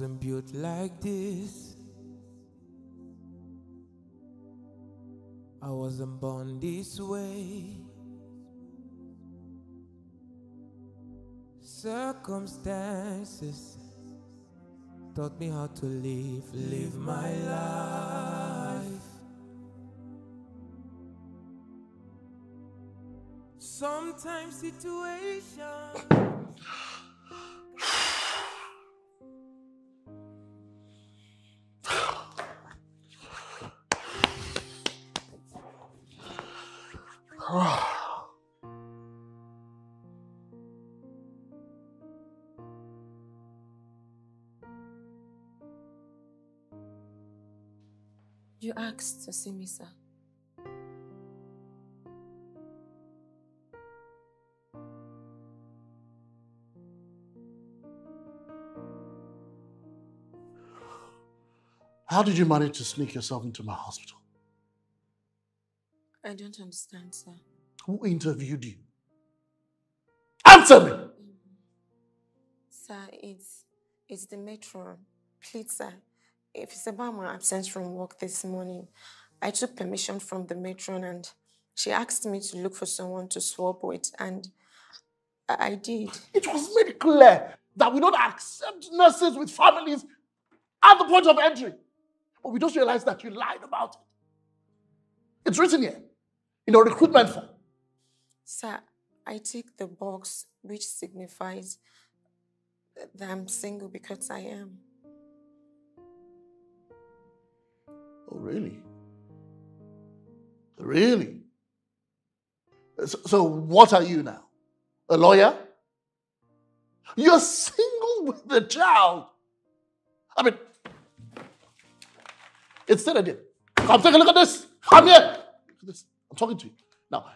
wasn't built like this. I wasn't born this way. Circumstances taught me how to live, live my life. Sometimes situations. you asked to see me, sir? How did you manage to sneak yourself into my hospital? I don't understand, sir. Who interviewed you? Answer me! Mm. Sir, it's, it's the matron. Please, sir, if it's about my absence from work this morning, I took permission from the matron and she asked me to look for someone to swap with, and I did. It was made clear that we don't accept nurses with families at the point of entry. But we just realized that you lied about it. It's written here in our recruitment form. Sir, I tick the box which signifies that I'm single because I am. Oh, really? Really? So, so what are you now? A lawyer? You're single with the child. I mean, it's still a deal. Come take a look at this. I'm here. Look at this. I'm talking to you. Now,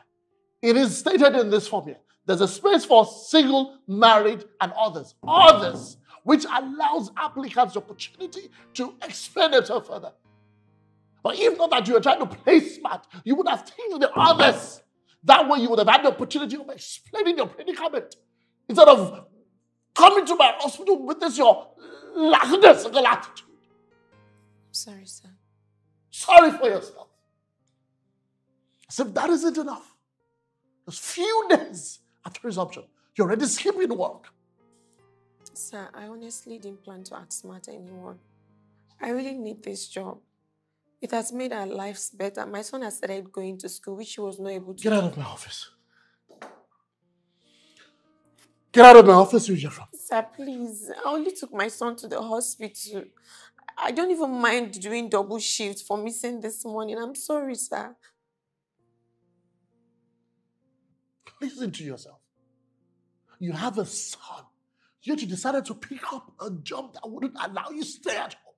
it is stated in this form here. There's a space for single, married, and others. Others, which allows applicants the opportunity to explain themselves further. But if not that you were trying to play smart, you would have taken the others. That way you would have had the opportunity of explaining your predicament. Instead of coming to my hospital with this your lackness attitude. sorry, sir. Sorry for yourself. As if that isn't enough. Just few days after his option, you're already skipping work. Sir, I honestly didn't plan to outsmart anyone. I really need this job. It has made our lives better. My son has started going to school, which he was not able to. Get out of my office. Get out of my office, you from. Sir, please. I only took my son to the hospital. I don't even mind doing double shift for missing this morning. I'm sorry, sir. Listen to yourself. You have a son, yet you decided to pick up a job that wouldn't allow you to stay at home.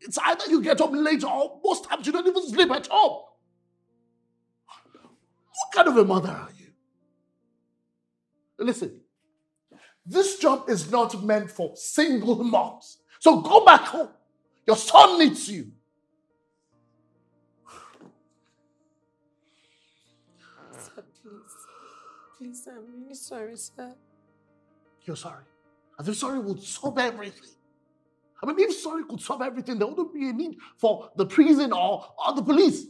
It's either you get up late or most times you don't even sleep at all. What kind of a mother are you? Listen, this job is not meant for single moms. So go back home. Your son needs you. Sir, please. Please, I'm really sorry, sir. You're sorry. And the sorry will solve everything. I mean, if sorry could solve everything, there wouldn't be a need for the prison or, or the police.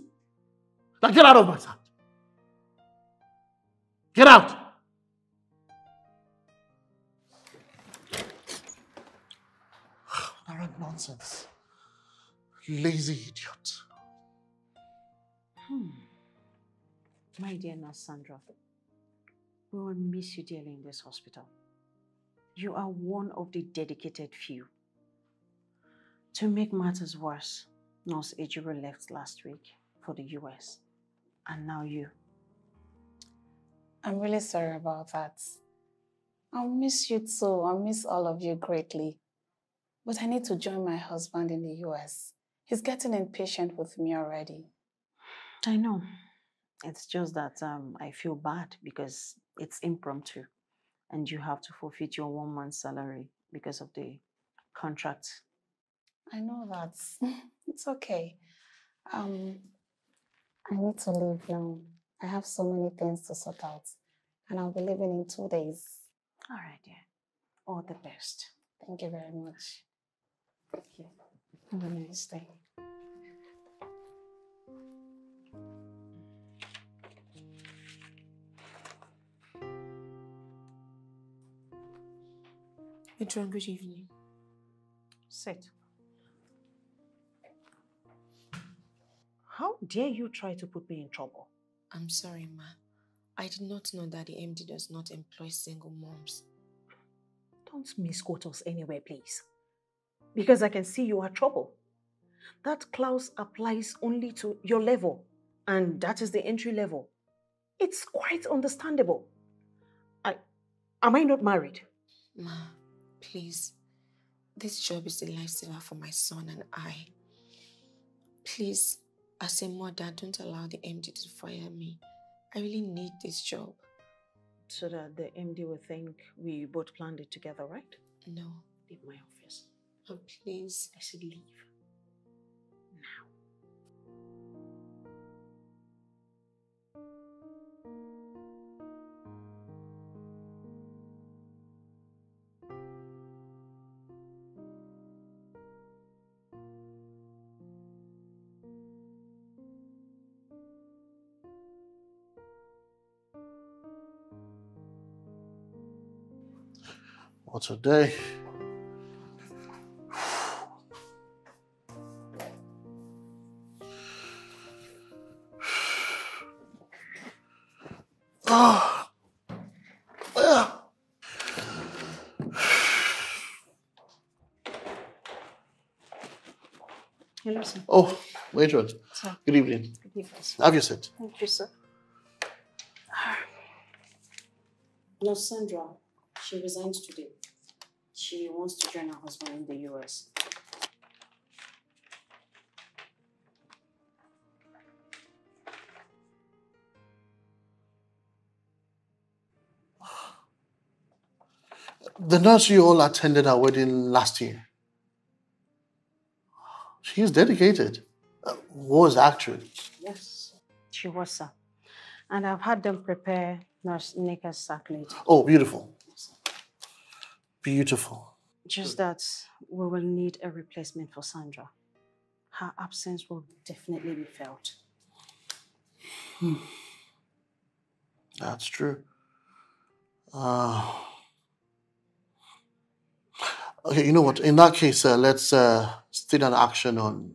Now get out of my sight. Get out. Arrant nonsense. Lazy idiot. Hmm. My dear nurse Sandra, we will miss you dearly in this hospital. You are one of the dedicated few. To make matters worse, Nurse Ejiro left last week for the US. And now you. I'm really sorry about that. I'll miss you too. I'll miss all of you greatly. But I need to join my husband in the US. He's getting impatient with me already. I know. It's just that um, I feel bad because it's impromptu and you have to forfeit your one month salary because of the contract I know that. it's okay. Um, I need to leave now. I have so many things to sort out. And I'll be leaving in two days. All right, yeah. All the best. Thank you very much. Thank you. Have a nice day. Adrian, good evening. Sit. How dare you try to put me in trouble? I'm sorry, Ma. I did not know that the MD does not employ single moms. Don't misquote us anywhere, please. Because I can see you are trouble. That clause applies only to your level, and that is the entry level. It's quite understandable. I, am I not married? Ma, please. This job is a lifesaver for my son and I. Please, I said, mother, don't allow the MD to fire me. I really need this job. So that the MD will think we both planned it together, right? No. Leave my office. Oh, please. I said leave. What's a day? oh. yeah. Hello, sir. Oh, Waitress. Good evening. Good evening. Sir. Have you said? Thank you, sir. Now, ah. Sandra, she resigns today she wants to join her husband in the US. The nursery all attended our wedding last year. She is dedicated. Uh, was actually. Yes, she was, sir. And I've had them prepare Nurse Nika's sacrament. Oh, beautiful. Beautiful. Just that we will need a replacement for Sandra. Her absence will definitely be felt. Hmm. That's true. Uh, okay, you know what? In that case, uh, let's uh, still an action on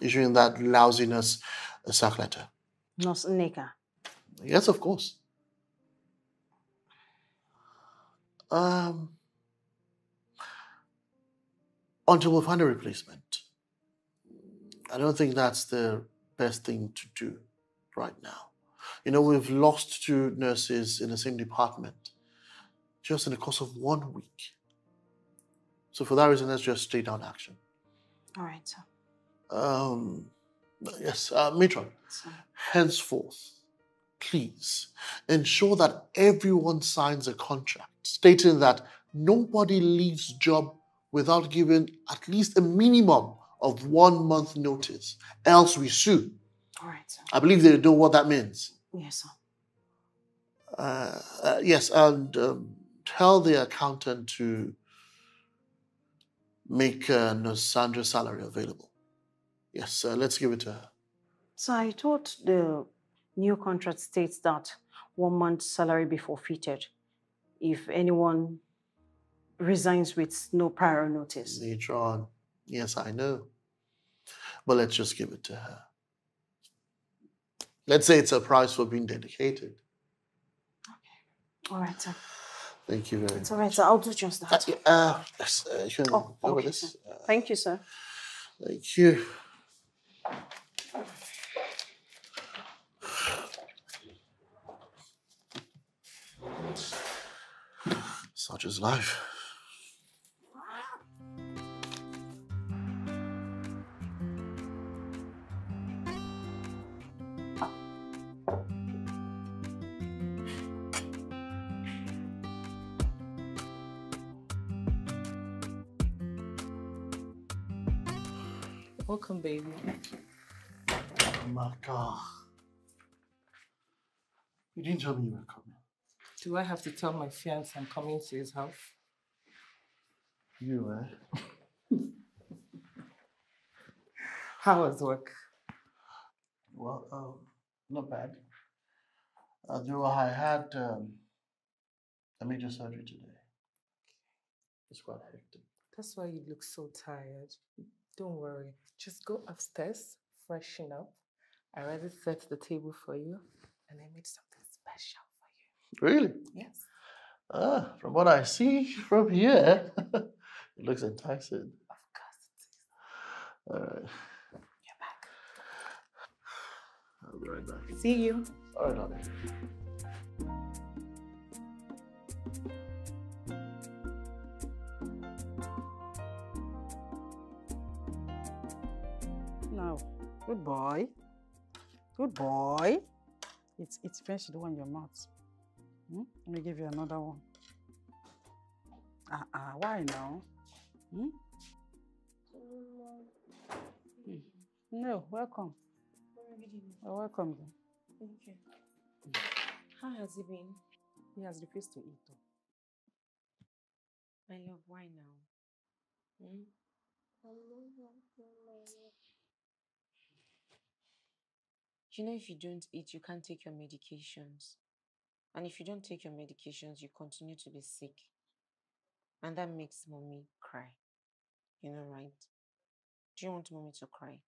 issuing that lousiness a uh, sack letter. No, Nika. Yes, of course. Um until we find a replacement. I don't think that's the best thing to do right now. You know, we've lost two nurses in the same department just in the course of one week. So for that reason, let's just stay down action. All right, sir. Um, yes, uh, Matron, sir. henceforth, please ensure that everyone signs a contract stating that nobody leaves job without giving at least a minimum of one month notice, else we sue. All right, sir. I believe they know what that means. Yes, sir. Uh, uh, yes, and um, tell the accountant to make uh, Nosandra's salary available. Yes, uh, let's give it to her. So I thought the new contract states that one month's salary be forfeited if anyone resigns with no prior notice. Later on. Yes, I know. But let's just give it to her. Let's say it's a prize for being dedicated. Okay. All right, sir. Thank you very much. It's all right, sir. I'll do just that. Uh, uh, yes, uh, you can oh, go okay, this. Uh, thank you, sir. Thank you. Such is life. welcome, baby. Oh my God. You didn't tell me you were coming. Do I have to tell my fiance I'm coming to his house? You, eh? How was work? Well, um, not bad. Although I had um, a major surgery today. It's quite hectic. That's why you look so tired. Don't worry. Just go upstairs, freshen up. I already set the table for you, and I made something special for you. Really? Yes. Ah, from what I see from here, it looks enticing. Of course it is. All right. You're back. I'll be right back. See you. All right, honey. Good boy. Good boy. It's, it's fresh, the one in your mouth. Hmm? Let me give you another one. Ah, uh ah, -uh, why now? Hmm? Hmm. No, welcome. Well, welcome. Then. Thank you. How has he been? He has refused to eat though. My love, why now? Hmm? You know, if you don't eat, you can't take your medications. And if you don't take your medications, you continue to be sick. And that makes mommy cry. You know, right? Do you want mommy to cry?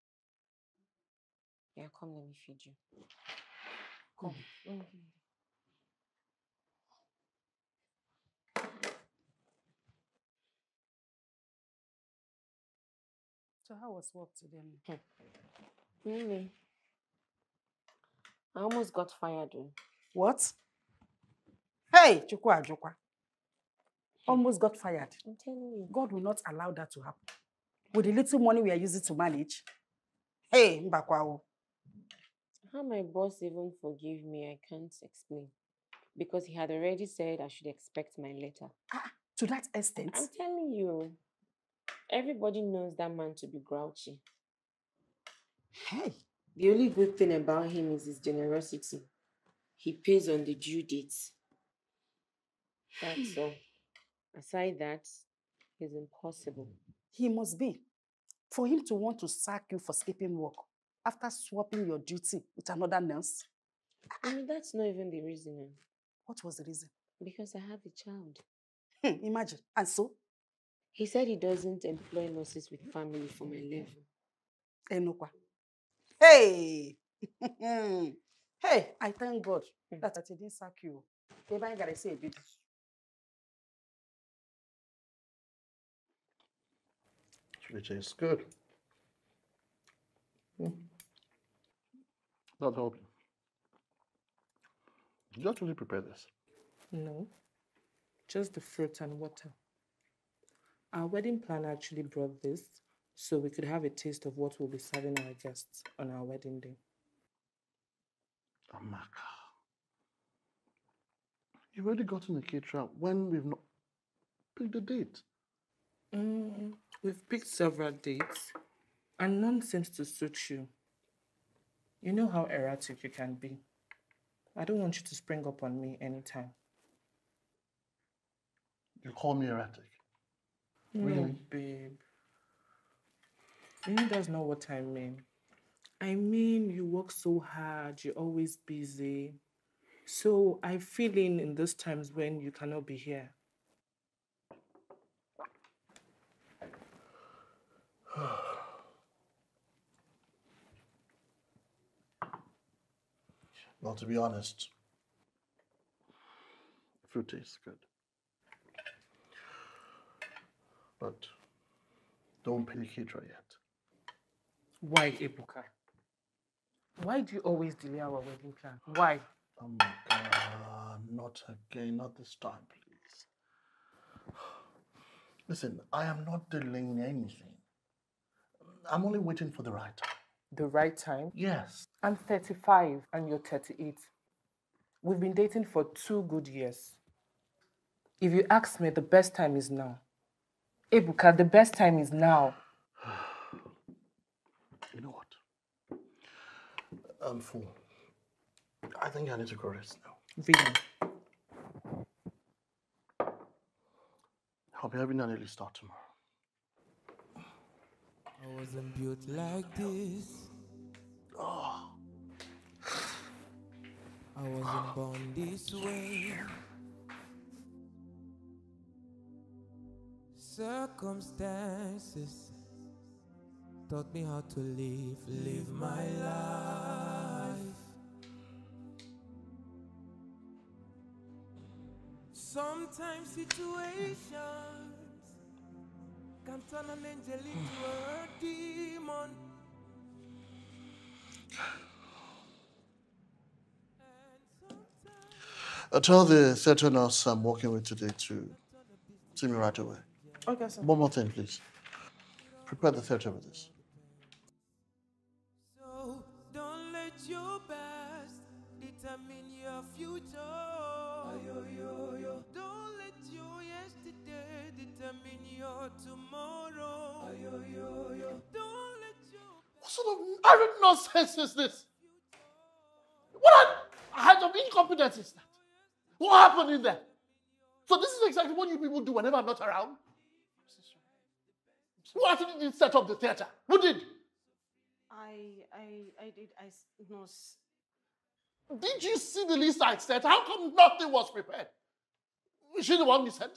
Yeah, come, let me feed you. Come. Mm -hmm. So how was work today? Hmm. Really? I almost got fired. Oh. What? Hey, Chukwa Ajukwa. Almost got fired. I'm telling you. God will not allow that to happen. With the little money we are using to manage. Hey, Mbakwao. Oh. How my boss even forgive me, I can't explain. Because he had already said I should expect my letter. Ah, to that extent? I'm telling you. Oh. Everybody knows that man to be grouchy. Hey. The only good thing about him is his generosity. He pays on the due dates. That's all. Aside that, it's impossible. He must be. For him to want to sack you for skipping work after swapping your duty with another nurse. I mean, that's not even the reason. Eh? What was the reason? Because I have a child. Hmm, imagine. And so? He said he doesn't employ nurses with family for my level. Enoqua. Hey! hey, I thank God hmm. that I didn't sack you. Maybe I gotta say a bit. Which is good. Mm. That helped. Did you actually prepare this? No, just the fruit and water. Our wedding planner actually brought this so we could have a taste of what we'll be serving our guests on our wedding day. Amaka, you've already gotten a caterer when we've not picked a date. Mm, we've picked several dates and none seems to suit you. You know how erratic you can be. I don't want you to spring up on me anytime. You call me erratic? No, really? babe. Meaning that's not what I mean. I mean, you work so hard, you're always busy. So I feel in in those times when you cannot be here. well, to be honest, food tastes good. But don't pay Kitra yet. Why, Ebuka? Why do you always delay our wedding plan? Why? Oh my God, not again, not this time, please. Listen, I am not delaying anything. I'm only waiting for the right time. The right time? Yes. I'm 35 and you're 38. We've been dating for two good years. If you ask me, the best time is now. Ebuka, the best time is now. I'm um, full. I think I need to go rest now. Vegan. I'll be having an early start tomorrow. I wasn't built like this. Oh. I wasn't born this ah. way. Circumstances taught me how to live, live my life. Sometimes situations can turn an angel into a demon. I tell the theatre nurse I'm working with today to see me right away. Okay, sir. One more thing, please. Prepare the theatre with this. So don't let your best determine your future. your tomorrow. What sort of married nonsense is this? What kind of incompetence is that? What happened in there? So this is exactly what you people do whenever I'm not around. Who actually did set up the theater? Who did? I, I, I did. I no. Did you see the list I sent? How come nothing was prepared? Is she the one you sent?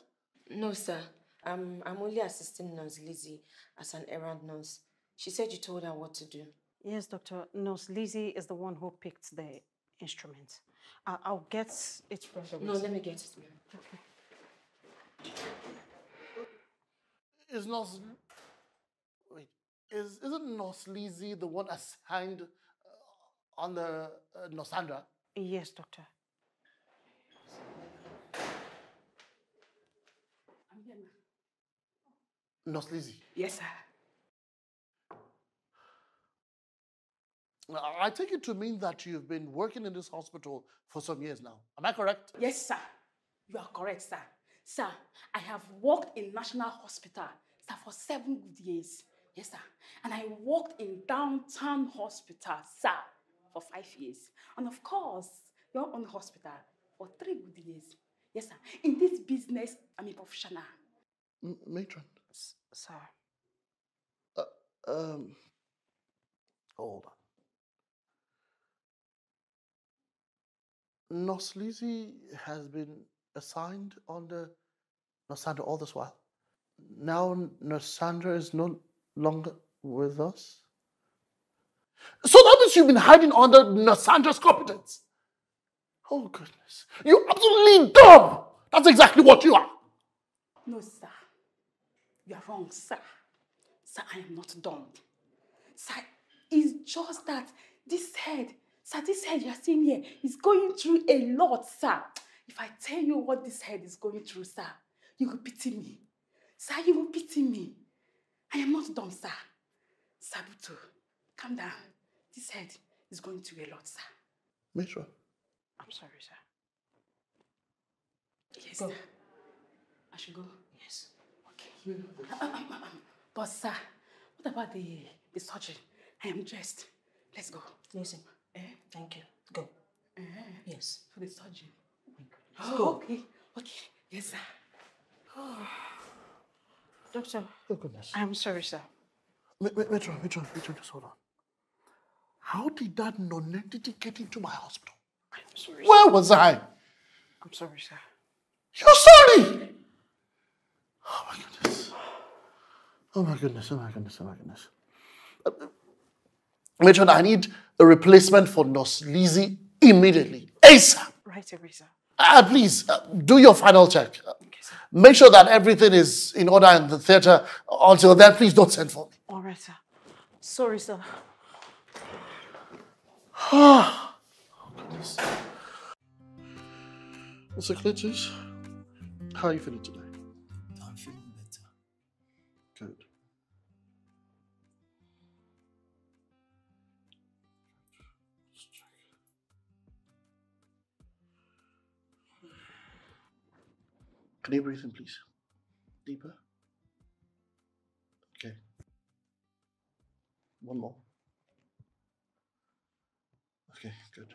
No, sir. I'm only assisting Nurse Lizzie as an errand nurse. She said you told her what to do. Yes, Doctor. Nurse Lizzie is the one who picked the instrument. I I'll get it from her. No, let me get it. Okay. Is Nurse... Wait. Is, isn't Nurse Lizzie the one assigned uh, on the uh, Nosandra? Yes, Doctor. Nurse Lizzie. Yes, sir. I take it to mean that you've been working in this hospital for some years now. Am I correct? Yes, sir. You are correct, sir. Sir, I have worked in National Hospital, sir, for seven good years. Yes, sir. And I worked in Downtown Hospital, sir, for five years. And of course, your own hospital for three good years. Yes, sir. In this business, I'm a professional. M matron sir? Uh, um, hold on. Noslisi has been assigned on the Nasandra all this while. Now Nosandra is no longer with us. So that means you've been hiding under Nosandra's competence. Oh goodness. You're absolutely dumb! That's exactly what you are. No, sir. You are wrong, sir. Sir, I am not dumb. Sir, it's just that this head, sir, this head you are seeing here is going through a lot, sir. If I tell you what this head is going through, sir, you will pity me. Sir, you will pity me. I am not dumb, sir. Sabuto, calm down. This head is going through a lot, sir. Metro. I'm sorry, sir. Yes, go. sir. I should go. Yes smell but sir, what about the, the surgeon? I am dressed. Let's go. Listen. Eh? Thank you. Go. Eh? Yes. For the surgeon. Oh, oh, okay. Okay. Yes, sir. Oh. Doctor. Oh, goodness. I'm sorry, sir. Wait, wait, wait, wait, wait, just hold on. How did that non-entity get into my hospital? I'm sorry. Where sir. was I? I'm sorry, sir. You're sorry? Oh my goodness, oh my goodness, oh my goodness. Uh, Matron, I need a replacement for Noslizi immediately. ASAP. Right away, sir. Uh, please, uh, do your final check. Uh, okay, sir. Make sure that everything is in order in the theatre. Until then, please don't send for me. All right, sir. Sorry, sir. oh, goodness. Mr. Clintus, how are you feeling today? Can you breathe in, please? Deeper. Okay. One more. Okay, good.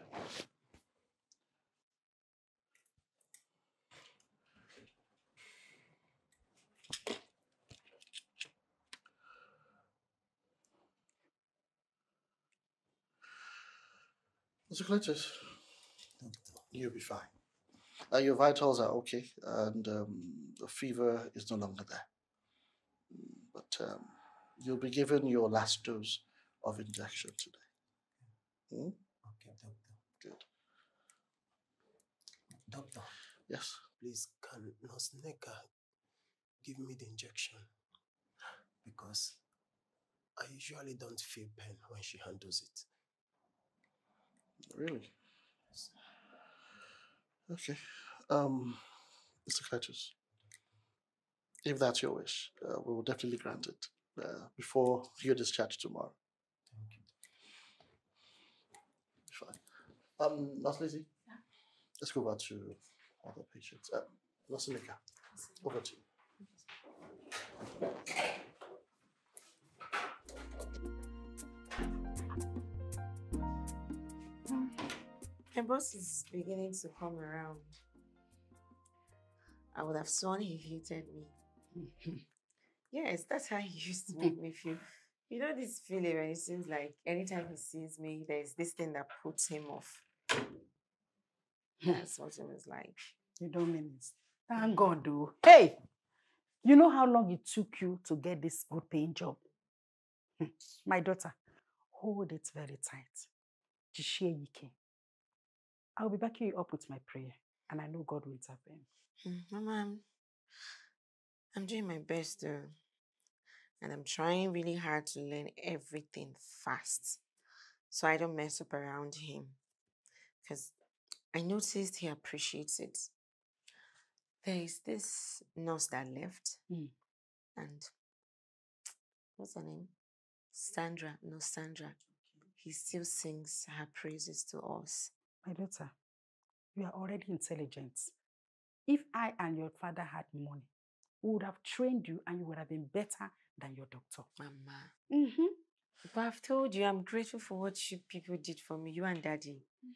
Let's cleanse You'll be fine uh, your vitals are okay and um, the fever is no longer there. But um, you'll be given your last dose of injection today. Hmm? Okay, doctor. Good. Doctor. Yes. Please, can Nurse Neka give me the injection? Because I usually don't feel pain when she handles it. Really? Yes. Okay. Um, Mr. Curtis, if that's your wish, uh, we will definitely grant it uh, before you're discharged tomorrow. Thank you. Fine. Um, Nurse Lizzie, yeah. let's go back to other patients. Uh, Nurse Nika, over to you. My boss is beginning to come around. I would have sworn he hated me. yes, that's how he used to make me feel. You know this feeling when it seems like anytime he sees me, there's this thing that puts him off. That's what it was like. You don't mean it. Thank mm-hmm. God, though. Hey! You know how long it took you to get this good paying job? Hmm. My daughter, hold it very tight. Jishie Yike. I'll be backing you up with my prayer, and I know God will intervene. Mm, Mama, I'm, I'm doing my best, though. And I'm trying really hard to learn everything fast so I don't mess up around him. Because I noticed he appreciates it. There is this nurse that left, mm. and what's her name? Sandra, no, Sandra. He still sings her praises to us. My daughter, you are already intelligent. If I and your father had money, we would have trained you and you would have been better than your doctor. Mama. Mm -hmm. But I've told you I'm grateful for what you people did for me, you and daddy. Mm.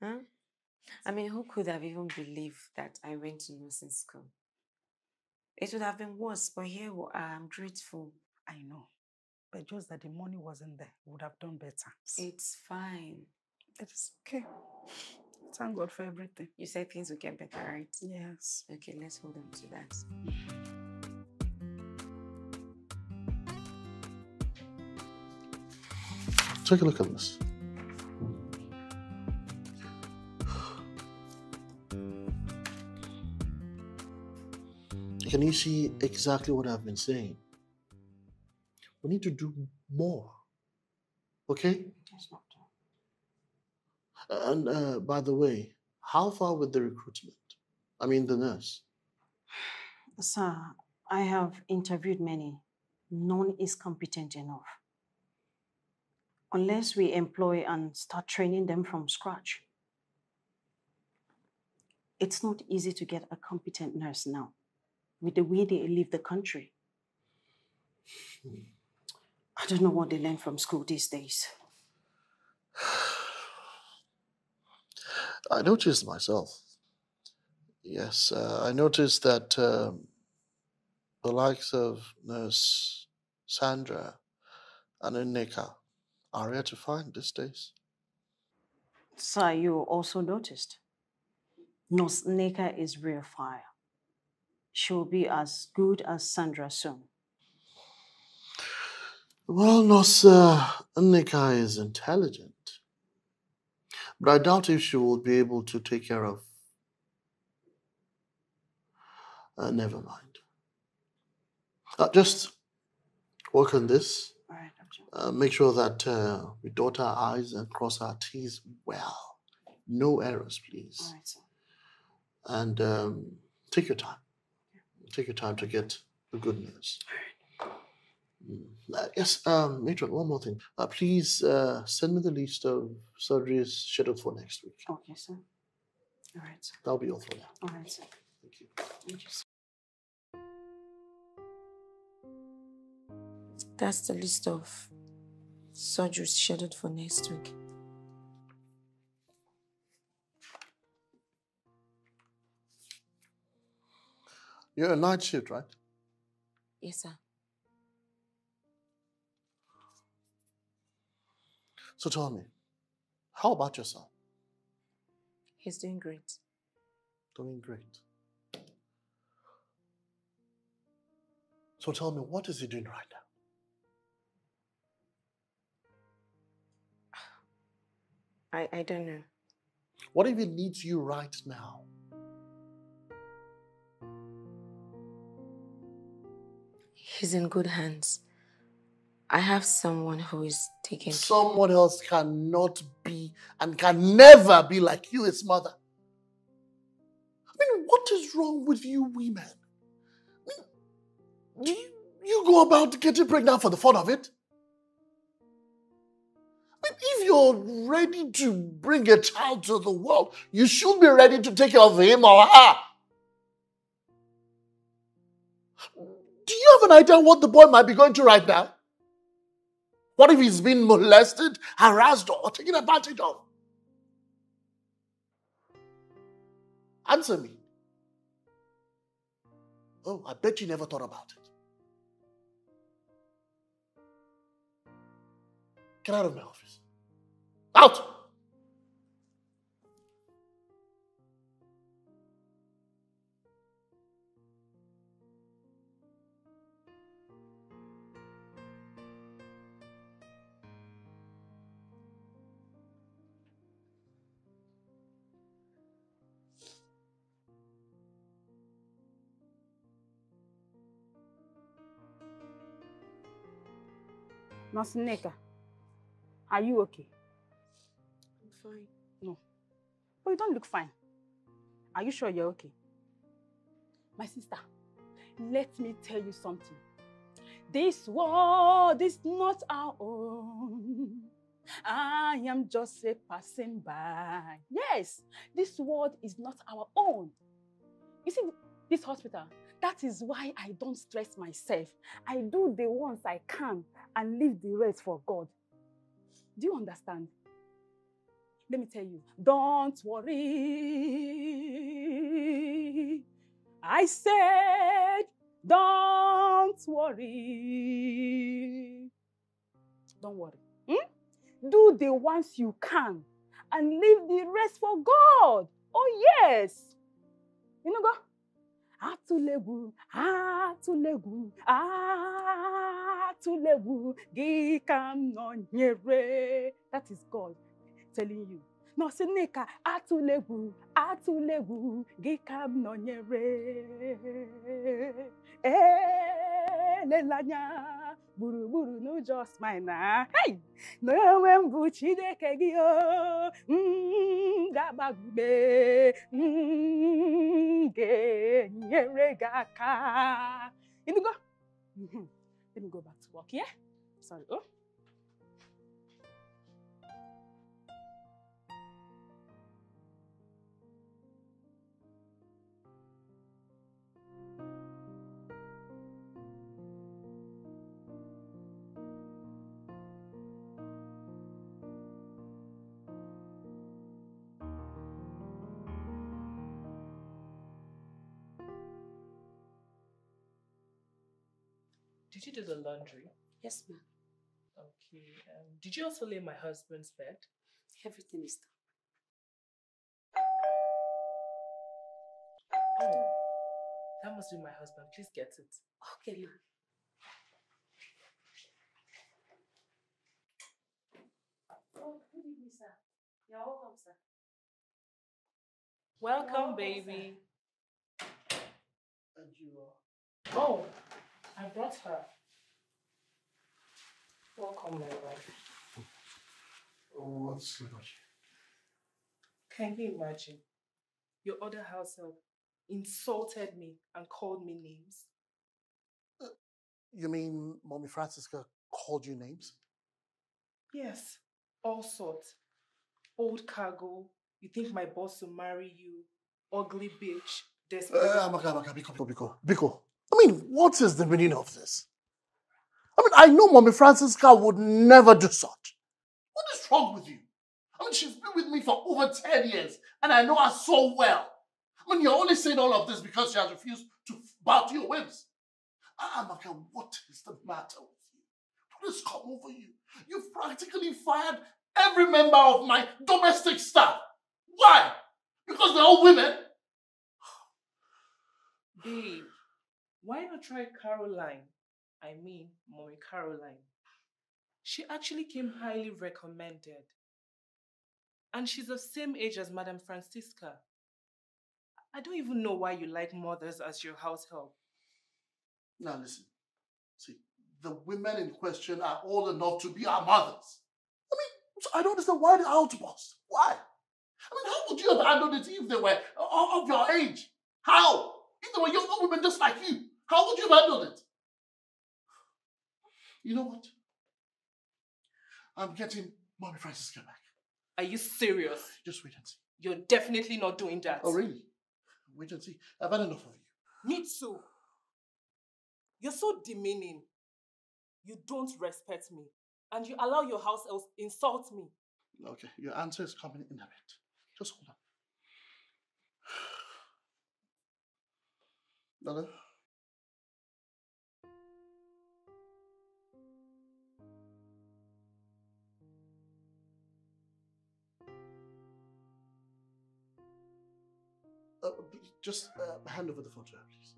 Huh? I mean, who could have even believed that I went to nursing school? It would have been worse, but here I'm grateful. I know. But just that the money wasn't there, would have done better. It's fine. It is okay. Thank God for everything. You said things will get better, right? Yes. Okay, let's hold on to that. Take a look at this. Can you see exactly what I've been saying? We need to do more. Okay? That's not. And uh, by the way, how far with the recruitment? I mean, the nurse. Sir, I have interviewed many. None is competent enough. Unless we employ and start training them from scratch. It's not easy to get a competent nurse now, with the way they leave the country. Hmm. I don't know what they learn from school these days. I noticed myself. Yes, uh, I noticed that um, the likes of Nurse Sandra and Anika are rare to find these days. Sir, you also noticed. Nurse Nika is real fire. She'll be as good as Sandra soon. Well, Nurse uh, Nika is intelligent. But I doubt if she will be able to take care of. Uh, never mind. Uh, just work on this. uh, make sure that uh, we dot our I's and cross our T's well. No errors, please. All right, sir. And um, take your time. Take your time to get the good news. All right. Mm. Uh, yes, um, Matron, one more thing. Uh, please uh, send me the list of surgeries scheduled for next week. Okay, sir. All right, sir. That'll be all for now. All right, sir. Thank you. Thank you, sir. That's the list of surgeries scheduled for next week. You're a night shift, right? Yes, sir. So tell me, how about your son? He's doing great. Doing great. So tell me, what is he doing right now? I, I don't know. What if he needs you right now? He's in good hands. I have someone who is taking Someone else cannot be and can never be like you, his mother. I mean, what is wrong with you women? I mean, do you, you go about getting pregnant for the fun of it? I mean, if you're ready to bring a child to the world, you should be ready to take care of him or her. Do you have an idea what the boy might be going to right now? What if he's been molested, harassed, or taken advantage of? Answer me. Oh, I bet you never thought about it. Get out of my office. Out! Nurse Neka, are you okay? I'm fine. No. But oh, you don't look fine. Are you sure you're okay? My sister, let me tell you something. This world is not our own. I am just a passing by. Yes, this world is not our own. You see, this hospital, that is why I don't stress myself. I do the ones I can and leave the rest for God. Do you understand? Let me tell you, don't worry. I said, don't worry. Don't worry. Hmm? Do the ones you can and leave the rest for God. Oh, yes. You know, God atụlegwu atụlegwu atụlegwu gị ka m nọnyere that is God telling you nọsị nneka atụlegwu atụlegwu gị ka m nọnyere elelanya gburugburu n'ụjọ smina ah. n'onwe m bụ chineke gị o oh. mm, ga-agbagbe mm, ga-enyere gị aka inugo let me go back to work yeah sorry oh Did you do the laundry? Yes, ma'am. Okay. Um, did you also lay my husband's bed? Everything is done. Oh, that must be my husband. Please get it. Okay, ma'am. Oh, good sir. You're welcome, sir. Welcome, welcome baby. Sir. And you are. Oh. I brought her. Welcome, my wife. Oh, what's so much? Can you imagine? Your other house help insulted me and called me names. Uh, you mean Mommy Francisca called you names? Yes, all sorts. Old cargo, you think my boss will marry you, ugly bitch, desperate. Uh, Amaka, Amaka, Biko, Biko, Biko, Biko. I mean, what is the meaning of this? I mean, I know Mommy Francisca would never do such. What is wrong with you? I mean, she's been with me for over 10 years, and I know her so well. I mean, you're only saying all of this because she has refused to bow to your whims. Ah, ah, Maka, what is the matter with you? What has come over you? You've practically fired every member of my domestic staff. Why? Because they're all women? Babe, why not try Caroline? I mean, Mommy Caroline. She actually came highly recommended. And she's the same age as Madame Francisca. I don't even know why you like mothers as your house help. Now listen, see, the women in question are old enough to be our mothers. I mean, I don't understand why the outburst. Why? I mean, how would you have handled it if they were of your age? How? If they were younger women just like you? How would you have handled it? You know what? I'm getting Mommy Francisca back. Are you serious? Just wait and see. You're definitely not doing that. Oh, really? Wait and see. I've had enough of you. Me so. You're so demeaning. You don't respect me. And you allow your house elves insult me. Okay, your answer is coming in a bit. Just hold on. Dada? Just uh, hand over the photo, please.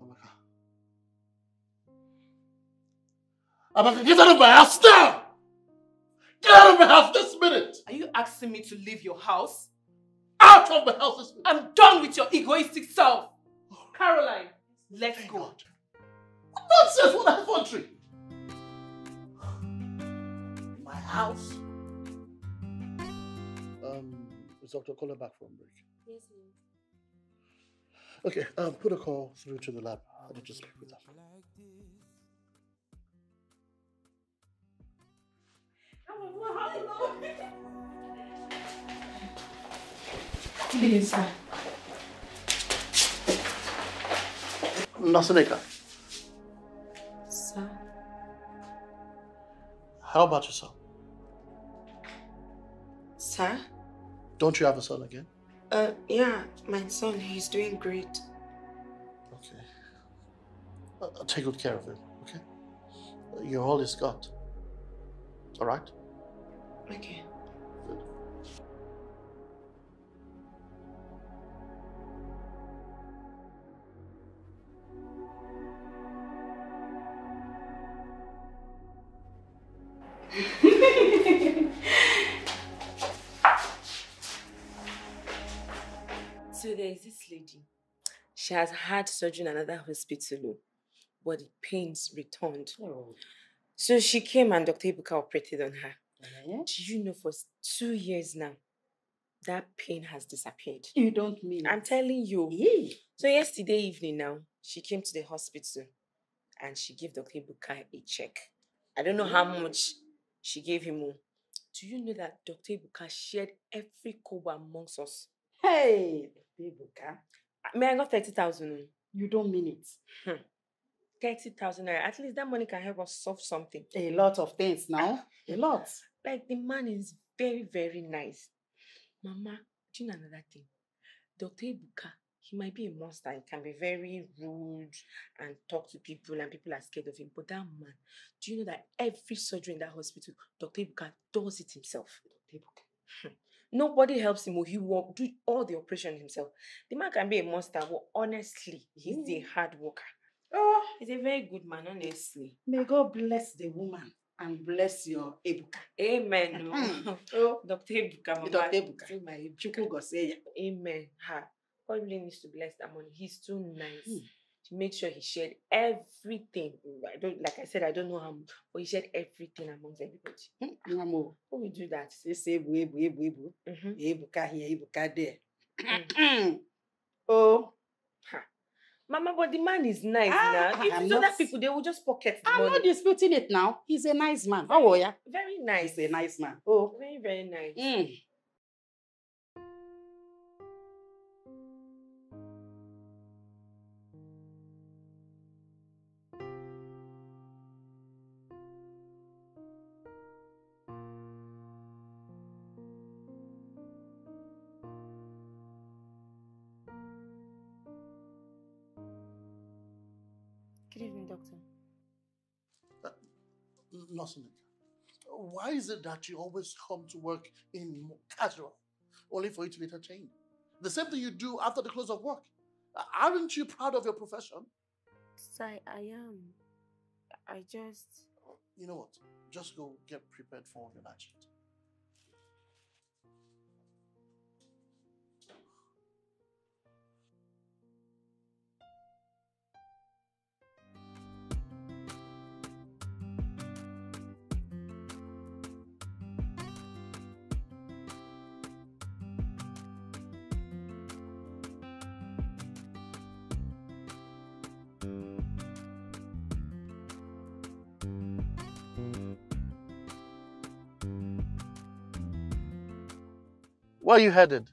Amaka. Amaka, get out of my house now! Get out of my house this minute! Are you asking me to leave your house? Out of my house this minute! I'm done with your egoistic self! Oh. Caroline, let's Thank go. God. Nonsense! What effrontery! house. Um, is Dr. Kohler back from break? Yes, ma'am. Okay, um, put a call through to the lab. I need to speak with them. Bilirsən. sir. Eka? Sir. How about yourself? Sir? Don't you have a son again? Uh, yeah, my son. He's doing great. Okay. I'll take good care of him, okay? You're all he's got. All right? Okay. she has had surgery in another hospital, but the pains returned. Oh. So she came and Dr. Ibuka operated on her. Uh-huh. Do you know for two years now, that pain has disappeared. You don't mean I'm telling you. So yesterday evening now, she came to the hospital and she gave Dr. Ibuka a check. I don't know how much she gave him. Do you know that Dr. Ibuka shared every kobo amongst us? Hey, Dr. Ibuka. May I got 30,000? You don't mean it. Hmm. 30,000 naira. At least that money can help us solve something. A lot of things now. Ah, a lot. Like the man is very, very nice. Mama, do you know another thing? Dr. Ibuka, he might be a monster. He can be very rude and talk to people and people are scared of him. But that man, do you know that every surgery in that hospital, Dr. Ibuka does it himself? Dr. Ibuka. Hmm. Nobody helps him. he will do all the operation himself. The man can be a monster, but honestly, he's mm. a hard worker. Oh, he's a very good man, honestly. May God bless the woman and bless your Ebuka. Amen. Mm-hmm. oh, oh. Dr. Ebuka, Mama. Dr. Ebuka. My Chuku Goseya. Amen. Ha. God needs to bless that money. He's too nice. Mm. To make sure he shared everything. I don't, like I said, I don't know how, but he shared everything amongst everybody. Mamo, who will do that? Say, say, ebu, ebu, ebu, ebu. Mm-hmm. Ebuka here, ebuka there. mm Oh. Mama, but the man is nice ah, now. If it's other people, they will just pocket the I'm money. not disputing it now. He's a nice man. Oh, yeah. Very nice. He's a nice man. Oh. Very, very nice. Mm. Why is it that you always come to work in casual, only for you to later change? The same thing you do after the close of work. Aren't you proud of your profession? Sir, I am. I just... You know what? Just go get prepared for your night Where are you headed?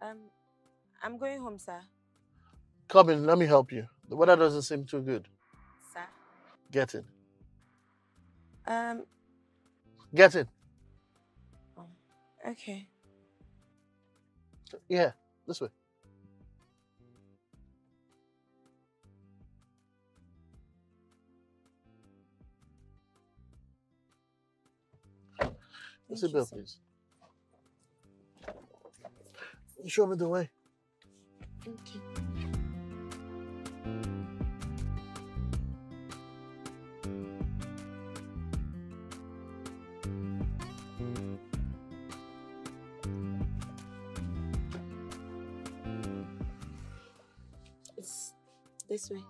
Um, I'm going home, sir. Come in, let me help you. The weather doesn't seem too good. Sir? Get in. Um. Get in. Oh, okay. Yeah, this way. Thank Sit down, please. You show me the way. Okay. It's this way.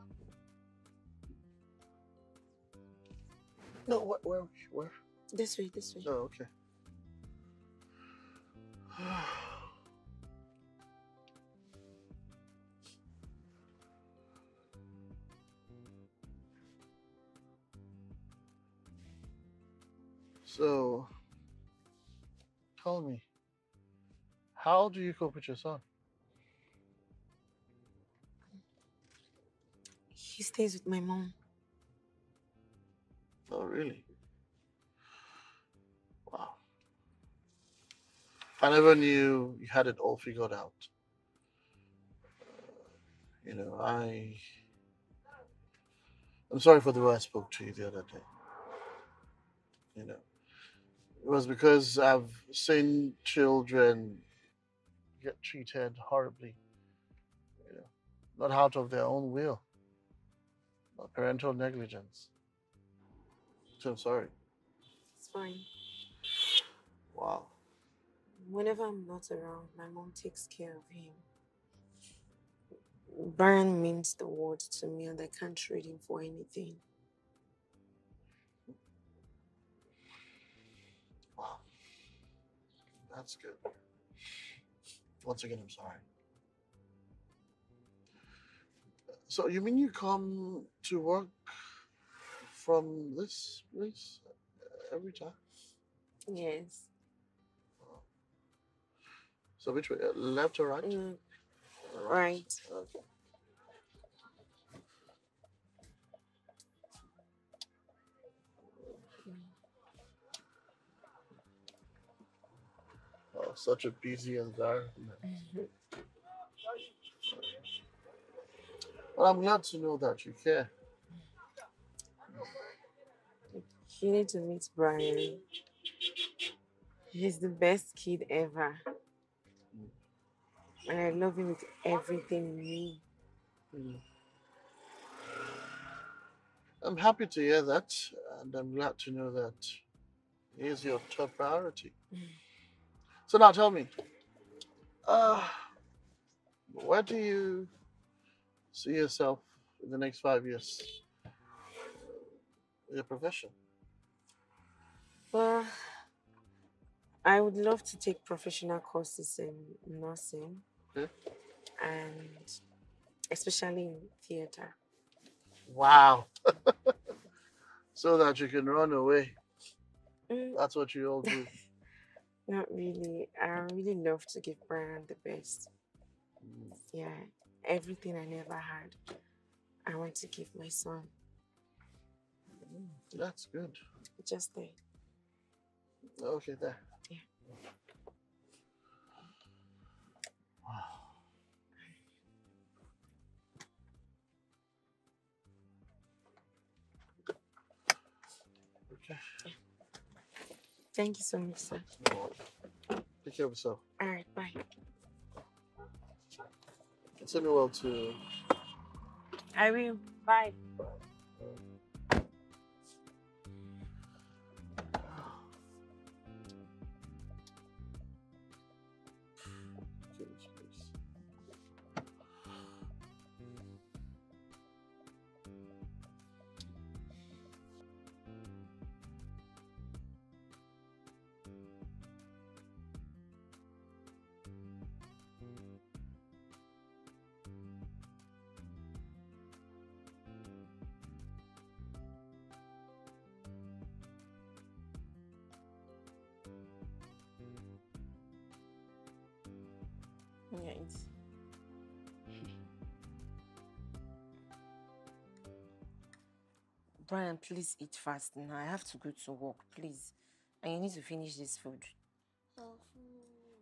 No, where, where, where? This way, this way. Oh, okay. So, tell me, how do you cope with your son? He stays with my mom. Oh, really? Wow. I never knew you had it all figured out. You know, I. I'm sorry for the way I spoke to you the other day. You know, was because I've seen children get treated horribly, you know, not out of their own will, but parental negligence. So I'm sorry. It's fine. Wow. Whenever I'm not around, my mom takes care of him. Burn means the world to me, and I can't trade him for anything. That's good. Once again, I'm sorry. So you mean you come to work from this place every time? Yes. So which way? Uh, left or right? Mm. Right. right. Okay. Oh, such a busy environment. Well, I'm glad to know that you care. You need to meet Brian. He's the best kid ever. And I love him with everything me. Hmm. I'm happy to hear that, and I'm glad to know that he is your top priority. Hmm. So now tell me, uh, where do you see yourself in the next five years? Your profession? Well, I would love to take professional courses in nursing okay. and especially in theater. Wow. so that you can run away. Mm. That's what you all do. Not really. I really love to give Brian the best. Yeah, everything I never had, I want to give my son. Mm, that's good. Just there. Okay, there. Yeah. Wow. Okay. Thank you so much, sir. Take care of yourself. All right, bye. Send me well to. I will. Bye. bye. Brian, please eat fast now. I have to go to work, please. And you need to finish this food.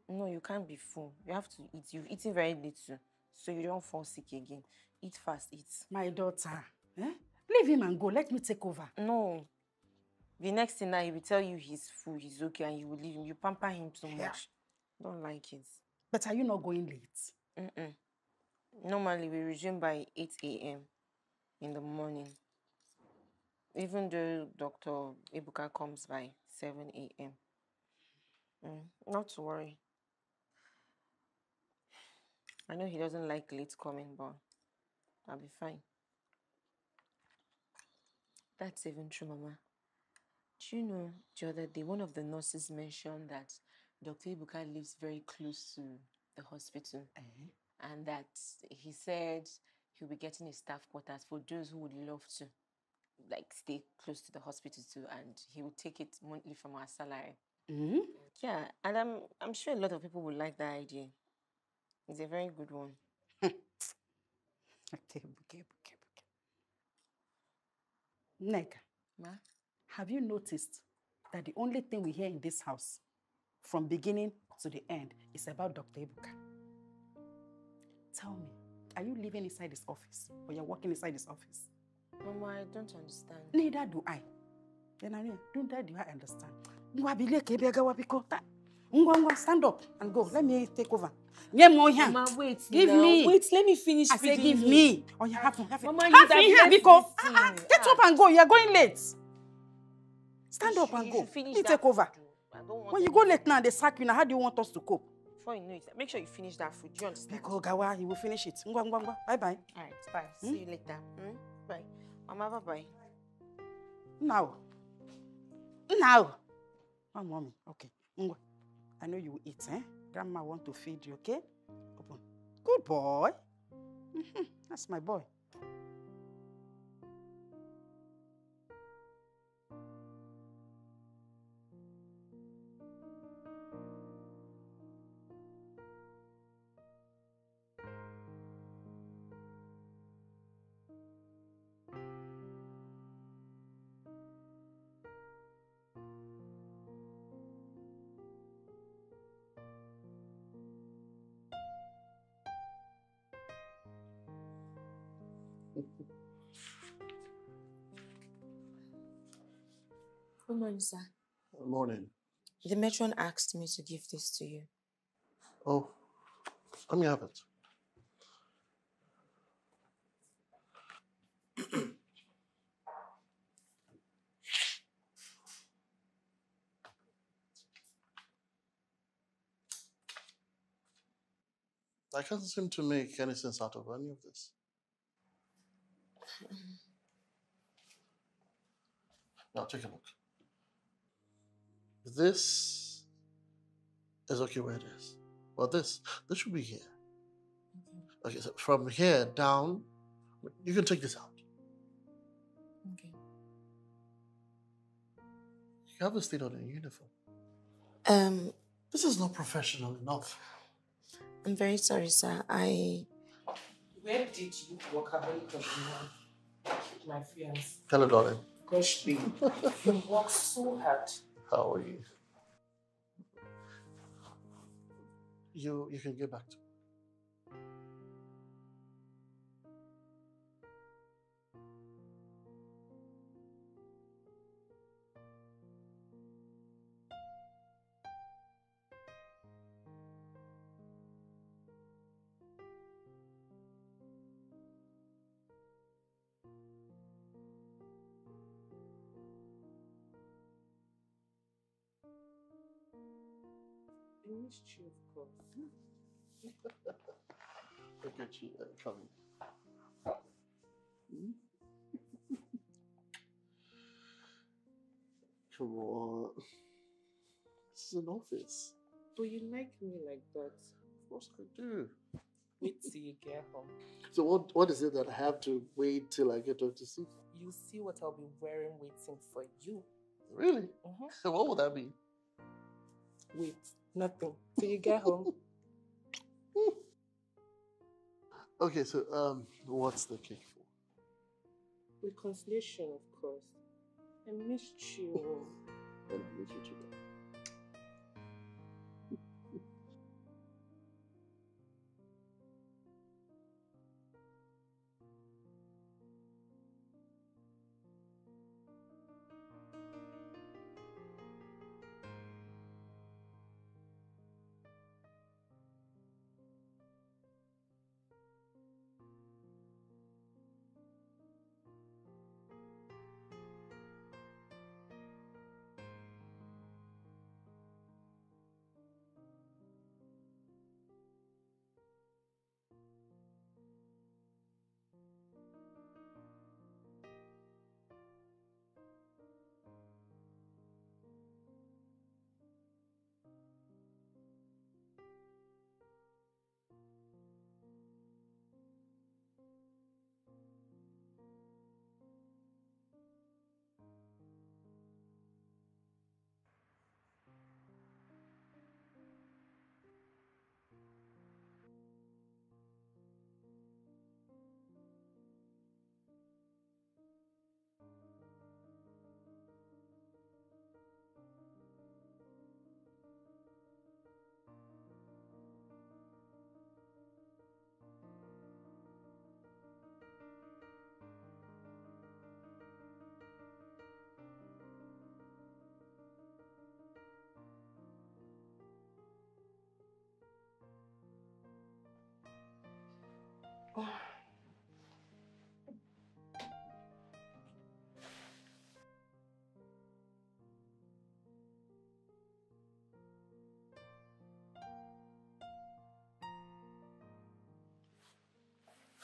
No, you can't be full. You have to eat. You've eaten very little, so you don't fall sick again. Eat fast, eat. My daughter, eh? Leave him and go. Let me take over. No. The next thing now, he will tell you he's full, he's okay, and you will leave him. You pamper him too much. Don't like it. But are you not going late? Mm-mm. Normally, we resume by 8 a.m. in the morning even though Dr. Ibuka comes by 7 a.m. Mm, not to worry. I know he doesn't like late coming, but I'll be fine. That's even true, Mama. Do you know, the other day, one of the nurses mentioned that Dr. Ibuka lives very close to the hospital. Uh mm-hmm. -huh. And that he said he'll be getting his staff quarters for those who would love to like stay close to the hospital too, and he would take it monthly from our salary. Mm-hmm. Yeah, and I'm I'm sure a lot of people would like that idea. It's a very good one. Neg, Ma? have you noticed that the only thing we hear in this house, from beginning to the end, is about Dr. Ibuka? Tell me, are you living inside his office or you're working inside his office? Mama, I don't understand. Neither do I. Yanari, neither do I understand. Ngwa bile kebe gawa biko ta. Ngwa ngwa stand up and go. Let me take over. Nye mo yan. Mama, wait. Give me. Wait, let me finish. I say give me. Oh, you have to have Mama, you have here biko. Ah, ah. get up and go. You are going late. Stand up and go. Let me take over. When you go late now, they sack you now. How do you want us to cope? before you know it, make sure you finish that food. Do you understand? Because Gawa, you will finish it. Ngwa, ngwa, ngwa. Bye bye. All right, bye. See hmm? you later. Hmm? Bye. Mama, bye bye. Now. Now. oh, mommy. Okay. I know you eat, eh? Grandma want to feed you, okay? Open. Good boy. Mm -hmm. That's my boy. Good morning, sir. Good morning. The matron asked me to give this to you. Oh, let me have it. I can't seem to make any sense out of any of this. Now take a look. This is okay where it is. Well, this this should be here. Okay, so from here down, you can take this out. Okay. You have a thing on your uniform. Um. This is not professional enough. I'm very sorry, sir. I. Where did you work? my fiance. Hello, darling. Gosh, me, you work so hard. How are you? You, you can get back to Look at you uh, coming. Come on. This is an office. But you like me like that. Of course I do. Wait till you get home. So what what is it that I have to wait till I get home to see? You see what I'll be wearing waiting for you. Really? Mm -hmm. So what would that be? Wait nothing till you get home. okay, so um, what's the cake for? Reconciliation, of course. I missed you. I missed you too.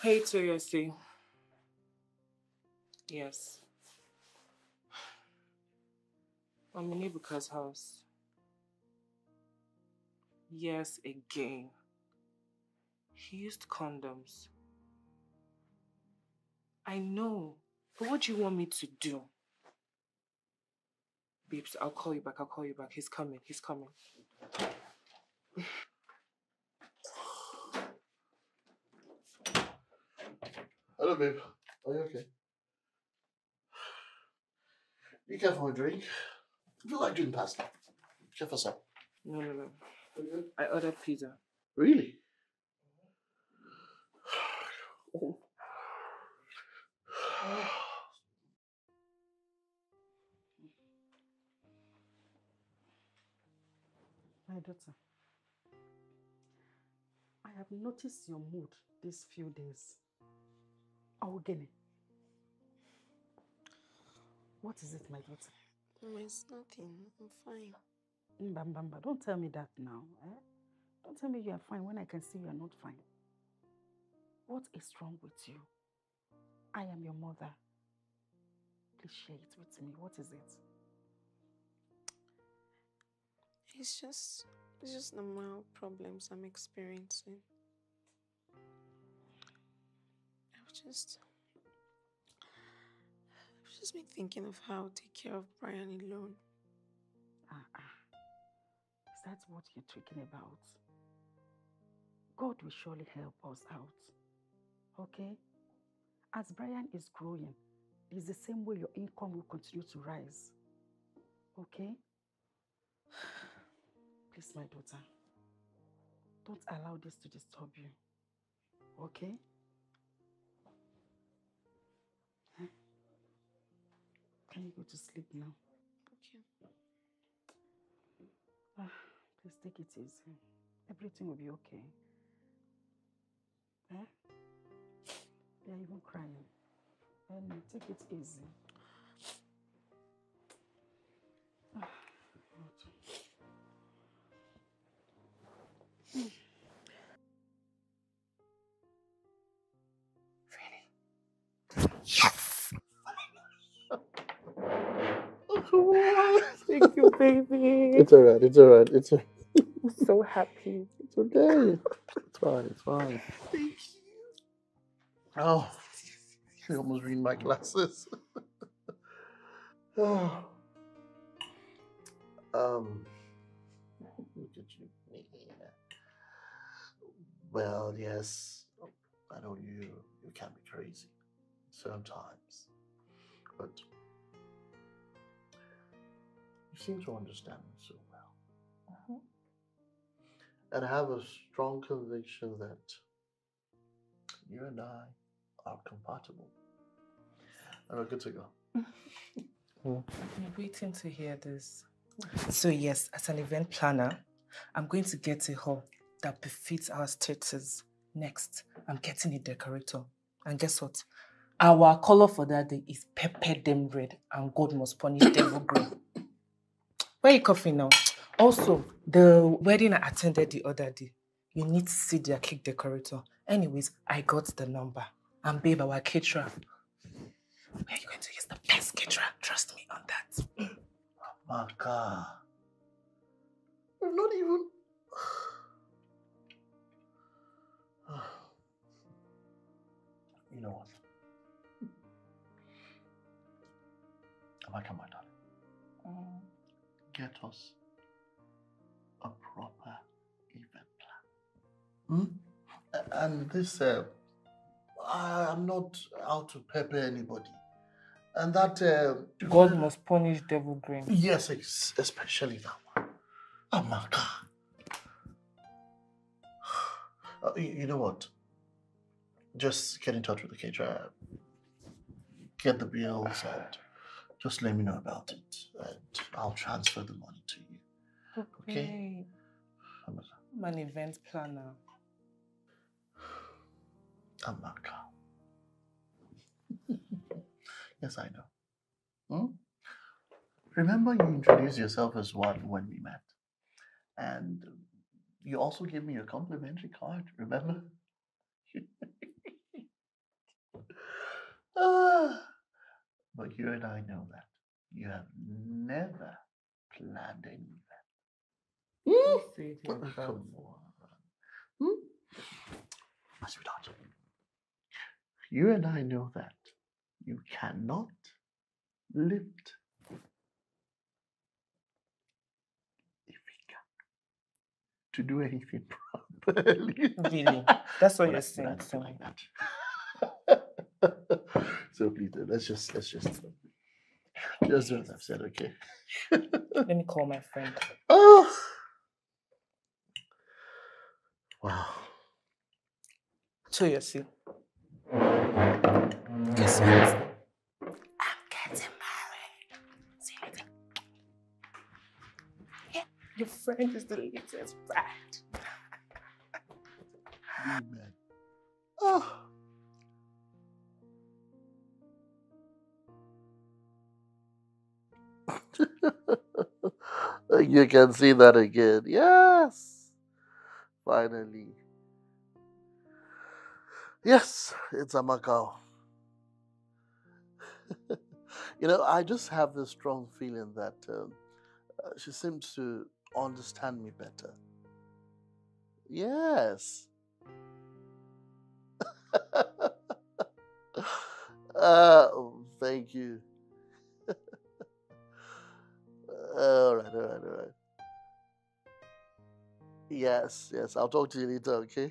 Hey you Yes. I'm in Ibuka's house. Yes, again. He used condoms. I know, but what do you want me to do? Beeps, I'll call you back, I'll call you back. He's coming, he's coming. Hello, oh, babe. Are you okay? Be careful with drink? If you like doing pasta, care for some? No, no, no. I ordered pizza. Really? My daughter, I have noticed your mood these few days. Awugene. Oh, what is it, my daughter? it's nothing. I'm fine. Mbambamba, don't tell me that now. Eh? Don't tell me you are fine when I can see you are not fine. What is wrong with you? I am your mother. Please share it with me. What is it? It's just, it's just normal problems I'm experiencing. just I've just been thinking of how to take care of Brian alone. Ah, ah. Is that what you're talking about? God will surely help us out. Okay? As Brian is growing, it's the same way your income will continue to rise. Okay? Please, my daughter, don't allow this to disturb you. Okay? Can you go to sleep now? Okay. Ah, please take it easy. Everything will be okay. Eh? They are even crying. And take it easy. Ah, God. Thank you, baby. It's all right. It's all right. It's all right. I'm so happy. It's okay. It's fine. It's fine. Thank you. Oh, she almost ruined my glasses. oh. Um, look at you. Well, yes, I know you, you can be crazy sometimes, but seem to understand me so well. Mm-hmm. And I have a strong conviction that you and I are compatible. And we're good to go. mm. I'm waiting to hear this. So, yes, as an event planner, I'm going to get a hall that befits our status. Next, I'm getting a decorator. And guess what? Our color for that day is pepper them red, and God must punish devil green. Why are you coughing now? Also, the wedding I attended the other day, you need to see their cake decorator. Anyways, I got the number. And babe, our caterer. Where are going to use the best caterer. Trust me on that. Mm. I'm not even... you know what? come on get us a proper event plan. Hmm? And this, uh, I'm not out to pepper anybody. And that... Uh, God must punish devil green. Yes, especially that one. Amaka. Oh uh, you know what? Just get in touch with the cage. get the bills and just let me know about it and I'll transfer the money to you. Okay? I'm an event planner. calm. yes, I know. Hmm? Remember you introduced yourself as one when we met. And you also gave me a complimentary card, remember? ah. But you and I know that. You have never planned any of that. Mm. Come on. Mm. You and I know that. You cannot lift to do anything properly. really? That's what you're saying. so Peter, let's just, let's just, just what I've said, okay? Let me call my friend. Oh! Wow. So you see. Guess what? I'm getting married. See you later. Yeah, your friend is the latest bride. Amen. Oh. you can see that again. Yes! Finally. Yes, it's a Macau. you know, I just have this strong feeling that um, uh, she seems to understand me better. Yes. uh, thank you all oh, right, all right, all right. Yes, yes, I'll talk to you later, okay?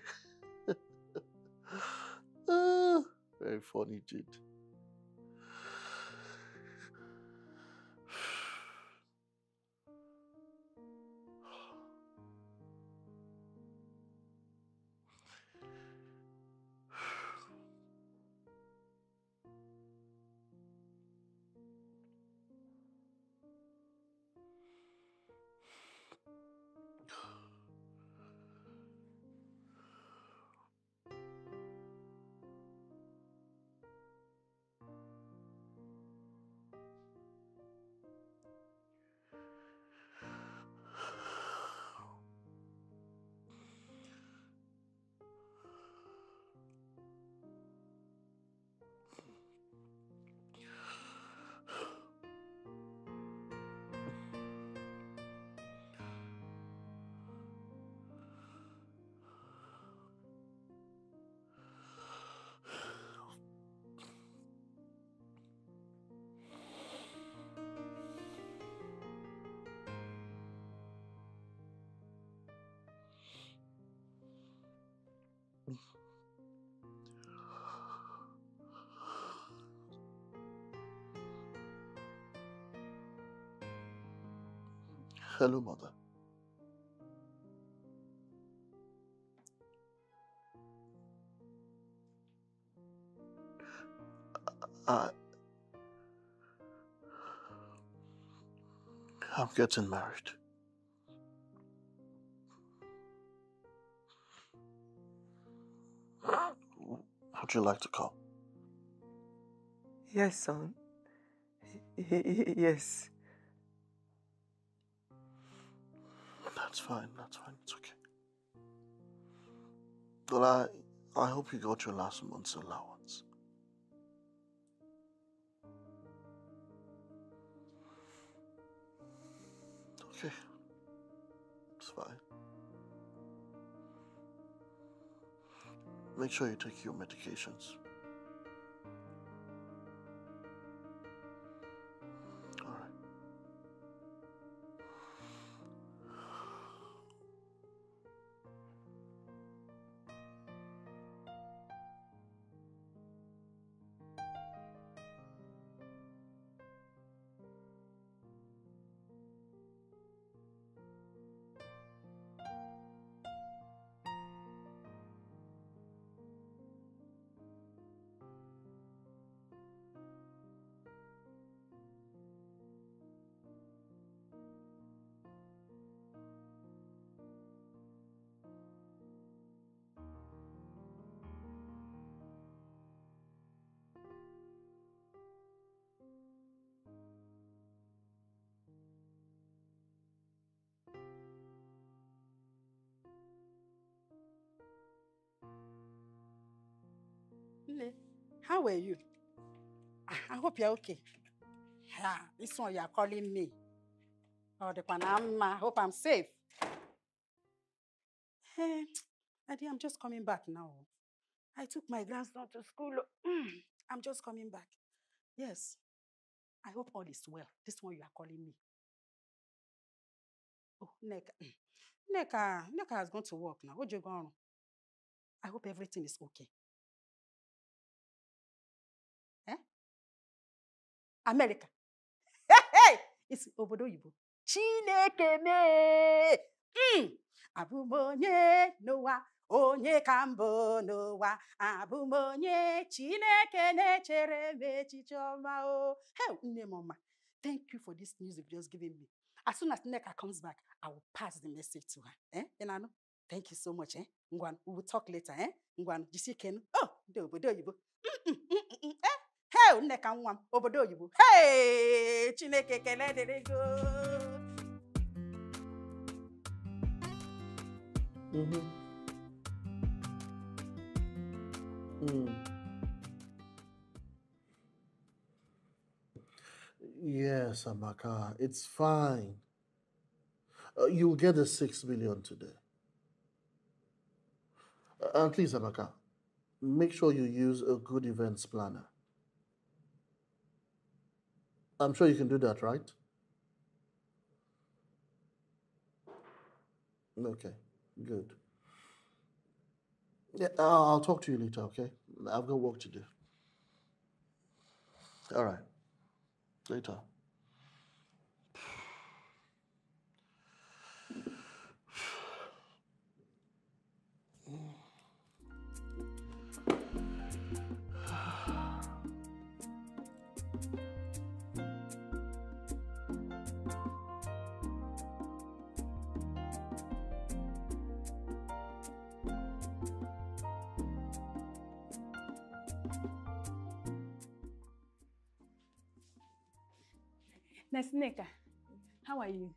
uh, very funny, dude. Hello, mother. I, I'm getting married. Would you like to come? Yes, son. yes. fine. That's fine. It's okay. But I, I hope you got your last month's allowance. Okay. It's fine. Make sure you take your medications. How are you? Ah, I hope you're okay. Yeah, this one you are calling me. Oh, the Panama. I hope I'm safe. Hey, eh, Eddie, I'm just coming back now. I took my grandson to school. Mm, I'm just coming back. Yes. I hope all is well. This one you are calling me. Oh, mm, Neka. Neka, Neka has gone to work now. Ojogon. I hope everything is okay. amerịka isi obodo oyibo chineke mee hmm! abụ m onye n'ụwa onye ka mbụ n'ụwa Abụm onye chineke na-echere m echiche ọma o nne m ọma thank you for this news you've just given me as soon as nneka comes back i will pass the message to her eh? ị na-anụ thank you so much eh? ngwanụ we will talk later eh? Ngwan jisie ikenu oh ndị obodo oyibo eh. he nneka nwa m obodo oyibo he chineke kelee dịrị go mm-hmm. mm. Yes, Amaka, it's fine. Uh, you'll get the six million today. Uh, and please, Amaka, make sure you use a good events planner. I'm sure you can do that, right? Okay, good. Yeah, I'll talk to you later, okay? I've got work to do. All right, later. Nesneka, how are you?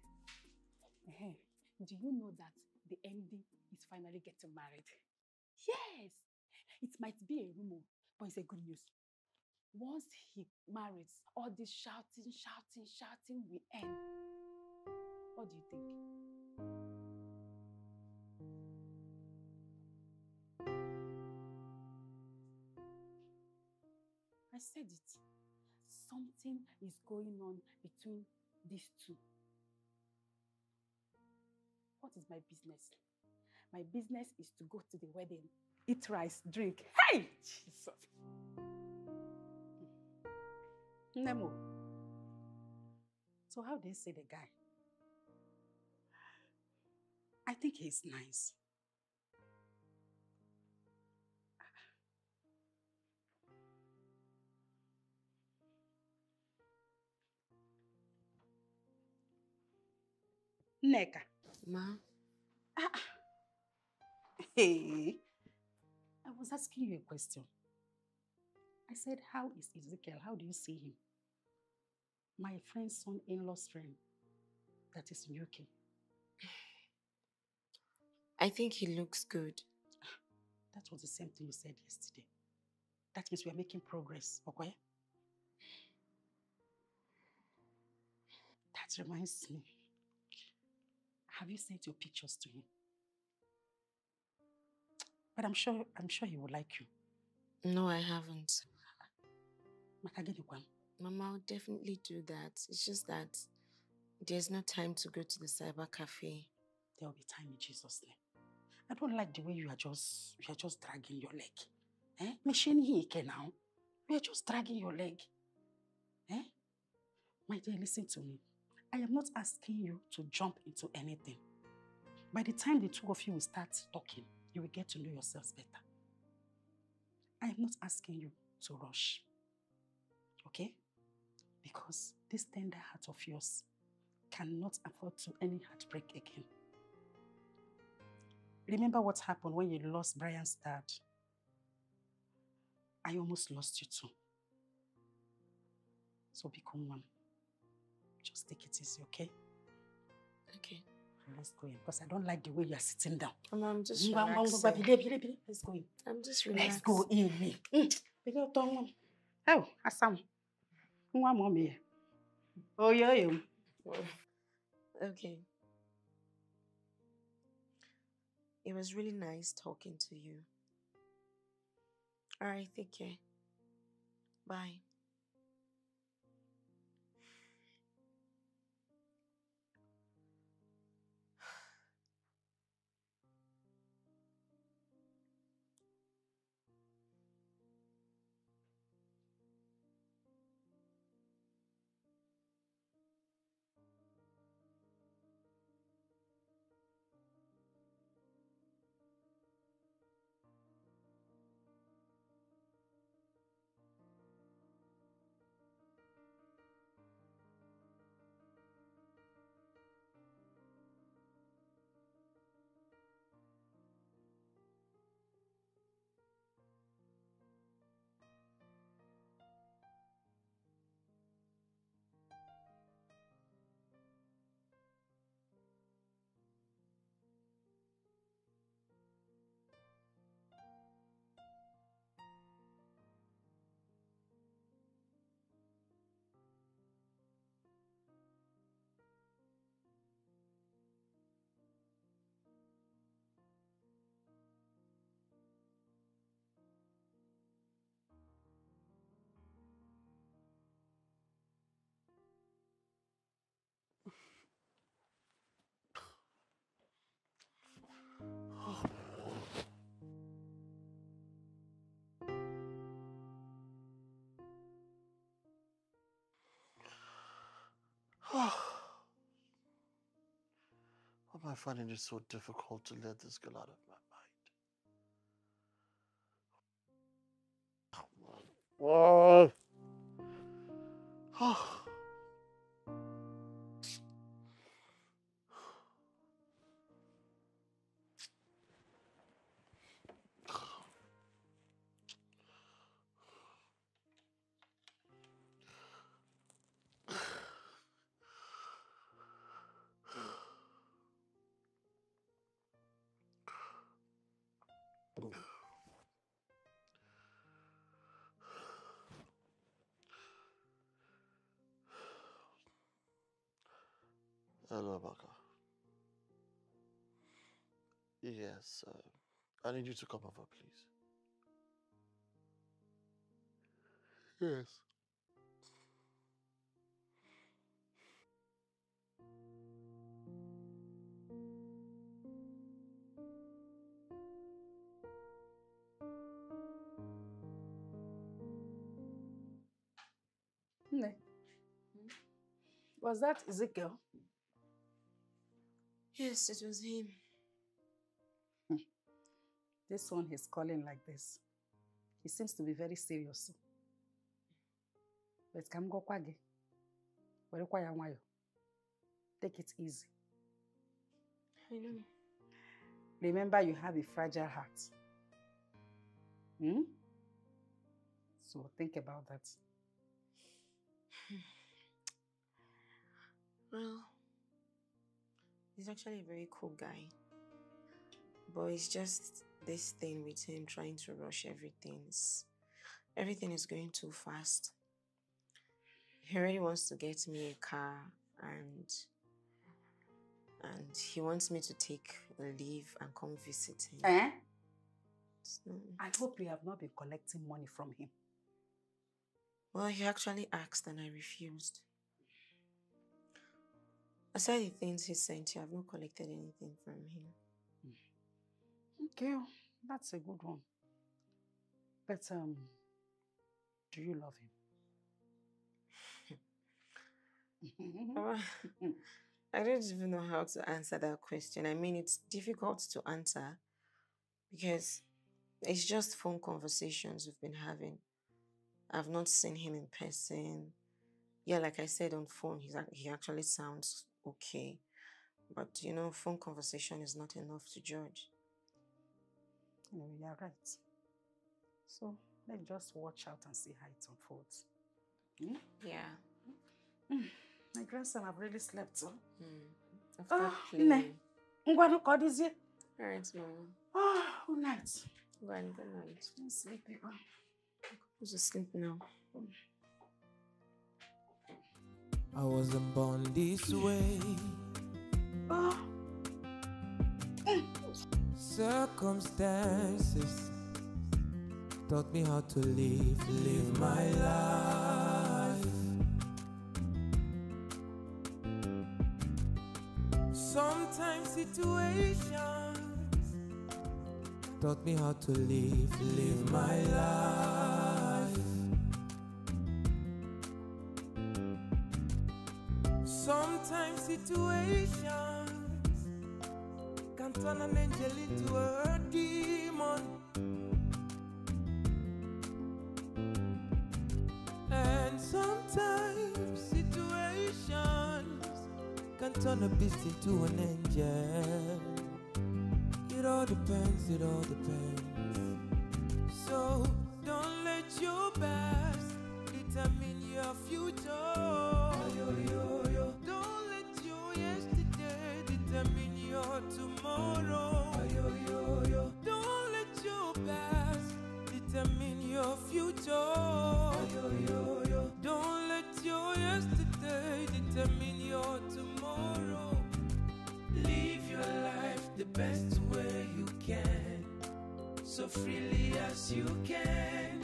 do you know that the MD is finally getting married? Yes! It might be a rumor, but it's a good news. Once he marries, all this shouting, shouting, shouting will end. What do you think? I said it something is going on between these two. What is my business? My business is to go to the wedding, eat rice, drink. Hey, Jesus. Nemo. So how do you say the guy? I think he's nice. Nneka. Ma? Ah, ah. Hey. I was asking you a question. I said, how is Ezekiel? How do you see him? My friend's son in-law's friend that is in UK. I think he looks good. That was the same thing you said yesterday. That means we are making progress, okay? That reminds me. Have you sent your pictures to him? But I'm sure, I'm sure he would like you. No, I haven't. Mama, I'll definitely do that. It's just that there's no time to go to the cyber cafe. There will be time in Jesus' name. I don't like the way you are just you are just dragging your leg. Eh? Machine here now. You are just dragging your leg. Eh? My dear, listen to me. I am not asking you to jump into anything. By the time the two of you will start talking, you will get to know yourselves better. I am not asking you to rush, okay? Because this tender heart of yours cannot afford to any heartbreak again. Remember what happened when you lost Brian's dad? I almost lost you too. So become one. Just take it easy, okay? Okay. Let's go in. Because I don't like the way you are sitting down. I'm just relaxing. Let's go in. I'm just relaxing. Let's go in. Oh, Asam. Nwa mommy. Oh, yeah, yeah. Okay. It was really nice talking to you. All right, take care. Bye. am I finding it so difficult to let this girl out of my mind? oh. Hello, Yes, uh, I need you to come over, please. Yes. Was that Ezekiel? Yes, it was him. Hmm. This one is calling like this. He seems to be very serious. But come go kwage. Werekwa ya nwayo. Take it easy. I know. Remember you have a fragile heart. Hmm? So think about that. well, he's actually a very cool guy. But it's just this thing with him trying to rush everything. It's, everything is going too fast. He already wants to get me a car and and he wants me to take a leave and come visit him. Eh? So, I hope you have not been collecting money from him. Well, he actually asked and I refused. Aside the things he sent you, I've not collected anything from him. Hmm. Okay, oh, that's a good one. But um, do you love him? Oh, I don't even know how to answer that question. I mean, it's difficult to answer because it's just phone conversations we've been having. I've not seen him in person. Yeah, like I said on phone, he's, he actually sounds okay. But you know, phone conversation is not enough to judge. You know, you're right. So let's just watch out and see how it unfolds. Hmm? Yeah. Mm. My grandson have really slept. so. Mm. oh, playing. Ngwanu kodizie. All right, mom. Oh, ah, good night. Go good night. I'm sleepy. Who's to sleep now. Mm. I wasn't born this way. Circumstances taught me how to live, live my life. Sometimes situations taught me how to live, live my life. situations can turn an angel into a demon. And sometimes situations can turn a beast into an angel. It all depends, it all depends. So don't let your past determine your future. so freely as you can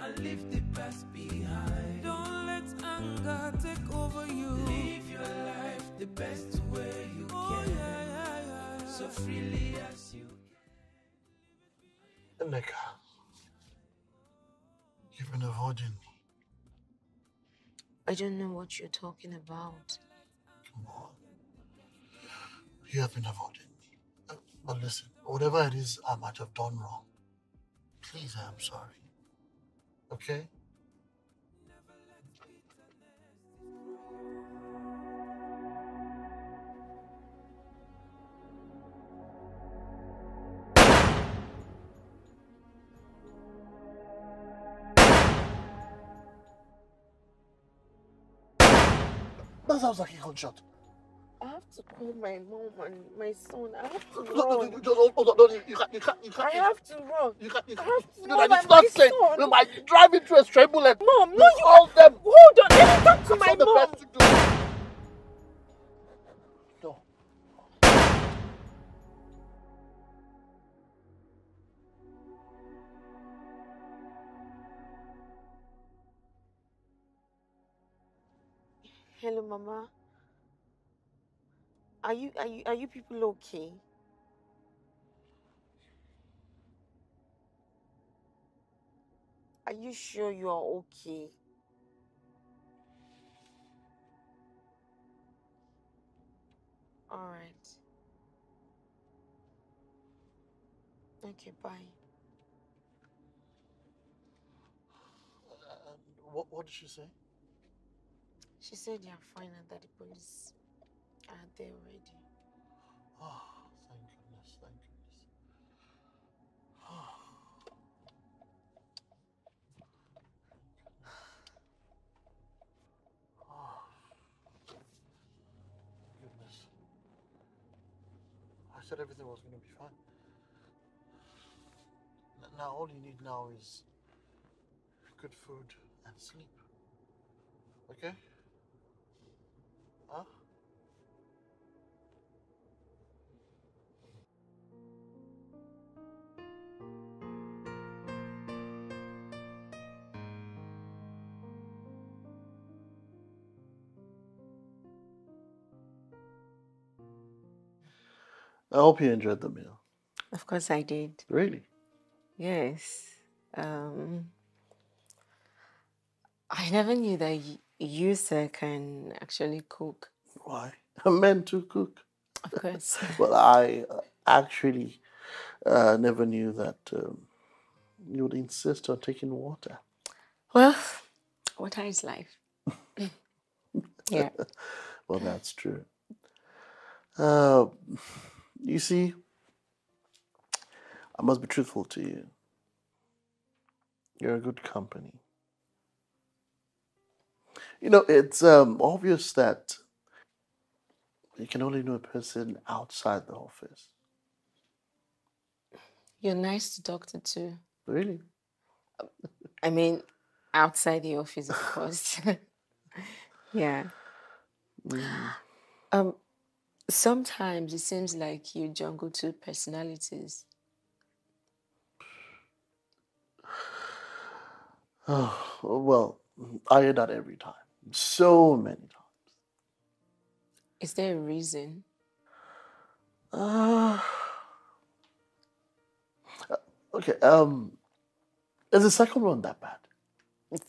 and leave the past behind. Don't let anger take over you. Live your life the best way you oh, can, yeah, yeah, yeah, so freely as you can. Emeka, you've been avoiding me. I don't know what you're talking about. Come on. You have been avoiding me. Uh, but listen, Whatever it is I might have done wrong, please, I am sorry. Okay? That sounds like a gunshot to call my mom and my son. I have to run. No, no, no, no, no, no, no, you can't, you can't, you can't. I have to run. You can't, you can't. I have to you run. Know, it's not safe. No, my drive into a stray bullet. Mom, no, you. All them. Hold on, let me talk to That's my mom. Best to do. Hello, Mama. Are you are you are you people okay? Are you sure you are okay? All right. Okay, bye. Uh, what, what did she say? She said you're fine and that the police are they ready? Oh, ah, thank goodness, thank goodness. Oh. Goodness. I said everything was going to be fine. Now all you need now is good food and sleep. Okay? I hope you enjoyed the meal. Of course, I did. Really? Yes. Um, I never knew that you, sir, can actually cook. Why? I'm meant to cook. Of course. well, I uh, actually uh, never knew that um, you would insist on taking water. Well, water is life. yeah. well, that's true. Uh, you see, I must be truthful to you. You're a good company. You know, it's um, obvious that you can only know a person outside the office. You're nice to doctor too. Really? I mean, outside the office, of course. yeah. Mm. Um, Sometimes it seems like you juggle two personalities. Oh, well, I hear that every time. So many times. Is there a reason? Uh, okay, um, is the second one that bad?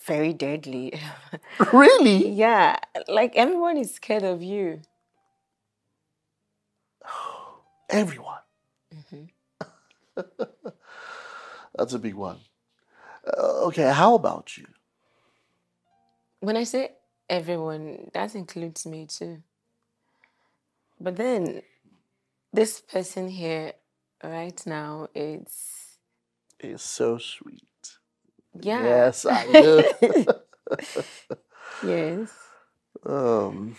Very deadly. really? Yeah, like everyone is scared of you everyone. Mm-hmm. That's a big one. Uh, okay, how about you? When I say everyone, that includes me too. But then this person here right now it's is so sweet. Yeah. Yes, I do. yes. Um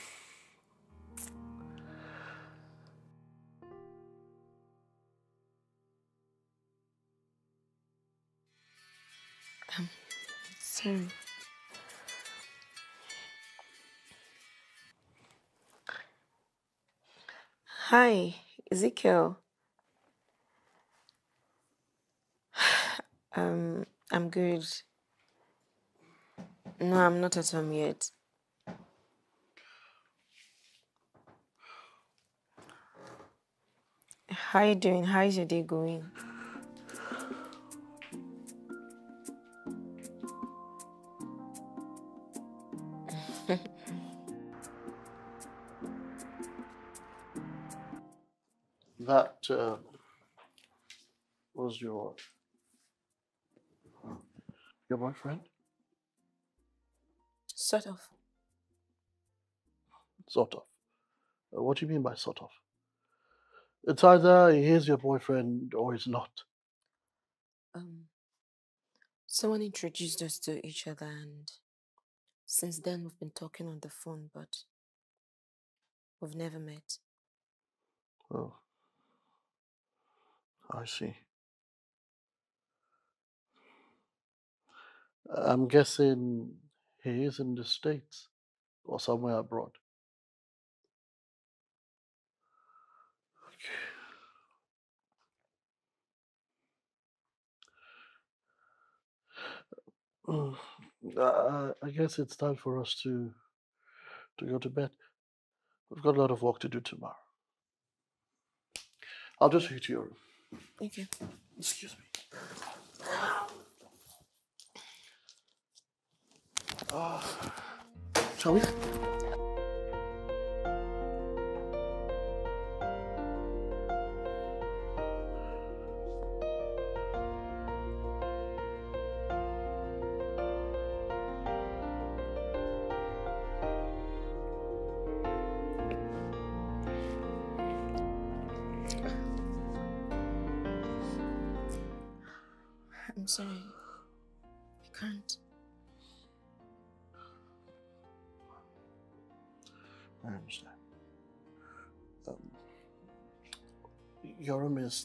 Mm. Hi, Ezekiel. Um, I'm good. No, I'm not at home yet. How are you doing? How is your day going? that uh, was your your boyfriend? Sort of. Sort of. Uh, what do you mean by sort of? It's either he is your boyfriend or he's not. Um, someone introduced us to each other, and since then we've been talking on the phone, but we've never met. Oh. I see. I'm guessing he is in the States or somewhere abroad. Okay. I, uh, I guess it's time for us to to go to bed. We've got a lot of work to do tomorrow. I'll just take you to your room. Thank you. Excuse me. shall we?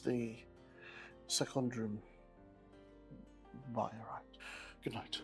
the second room. by right. Good night.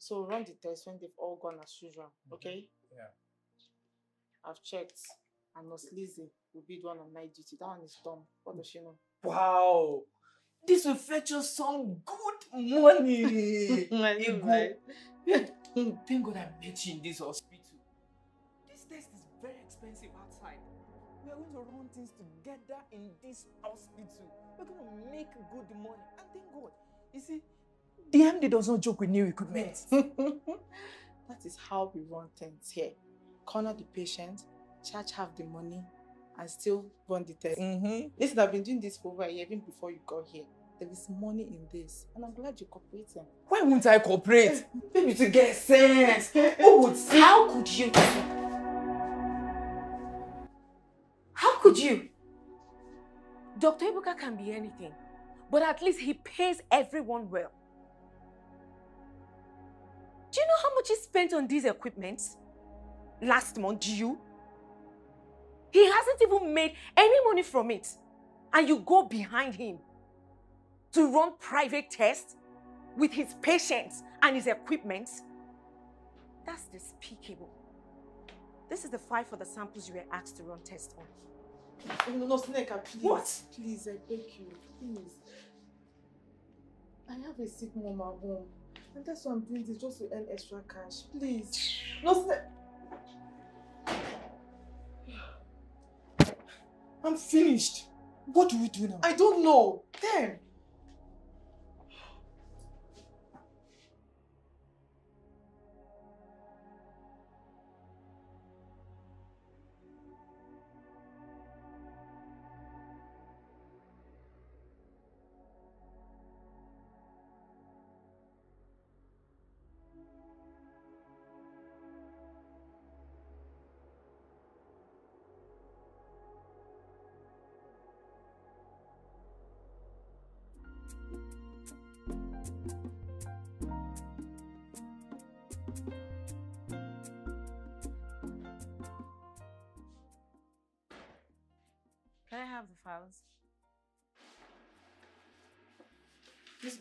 So run the test when they've all gone as usual, mm -hmm. okay? Yeah. I've checked, and Nurse Lizzie will be the one on night duty. That one is dumb. What does she know? Wow! This will fetch us some good money! Igbo! Thank God I met you in this hospital. This test is very expensive outside. We are going to run things together in this hospital. We're going to make good money. And thank God, you see, the MD does not joke with new equipment. that is how we run things here. Corner the patient, charge half the money, and still run the test. Mm -hmm. Listen, I've been doing this for over a year, even before you got here. There is money in this, and I'm glad you're cooperating. Why won't I cooperate? Eh, Maybe to get sense. Who would How could you? How could you? Dr. Ibuka can be anything, but at least he pays everyone well. Do you know how much he spent on these equipment last month? Do you? He hasn't even made any money from it. And you go behind him to run private tests with his patients and his equipment. That's despicable. This is the file for the samples you were asked to run tests on. Oh, no, no, Sneka, please. What? Please, I beg you, please. I have a sick mom at home. And that's why I'm doing this, just to earn extra cash. Please. No, I'm finished. What do we do now? I don't know. Then.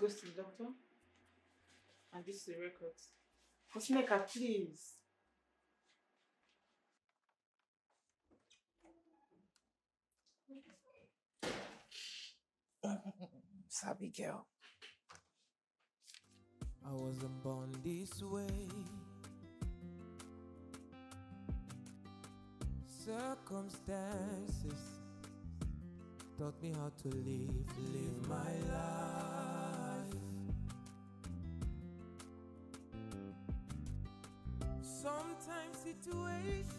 goes to the doctor and this is the records. Cosmeka, please. Sabi girl. I wasn't born this way. Circumstances taught me how to live, live my life. Sometimes situations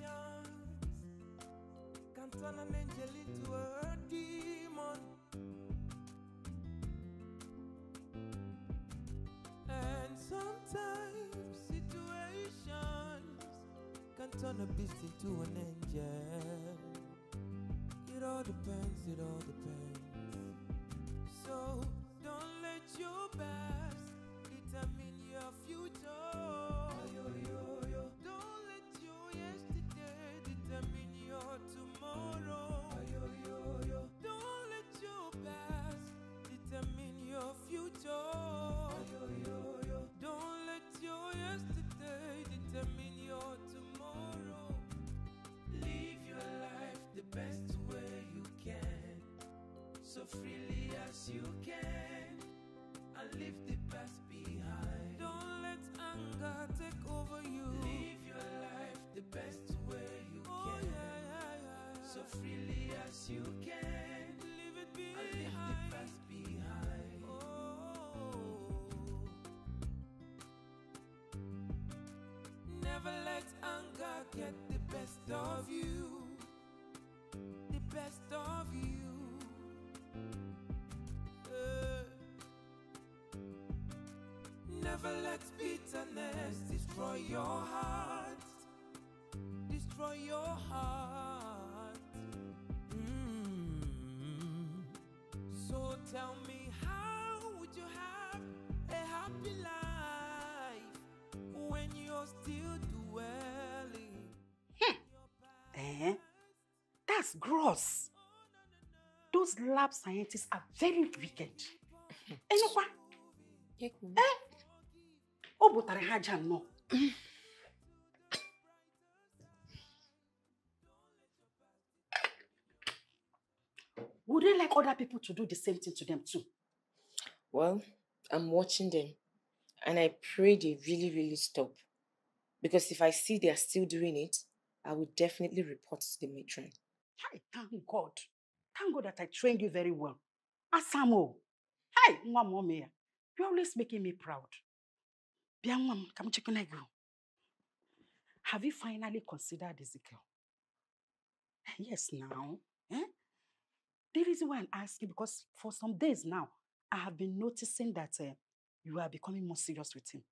can turn an angel into a demon. And sometimes situations can turn a beast into an angel. It all depends, it all depends. So don't let your back. freely as you can and leave the past behind. Don't let anger take over you. Live your life the best way you oh, can, yeah, yeah, yeah. so freely as you can. gross. Those lab scientists are very wicked. Enokwa. Eh? O butara ha aja Would they like other people to do the same thing to them too? Well, I'm watching them and I pray they really, really stop. Because if I see they are still doing it, I will definitely report to the matron. Hi, thank God. Thank God that I trained you very well. Asamo. Hi, nwa mommy. You're always making me proud. Bianwam, come check on Have you finally considered Ezekiel? Eh, yes, now. Eh? The reason why I'm asking, because for some days now, I have been noticing that uh, you are becoming more serious with him.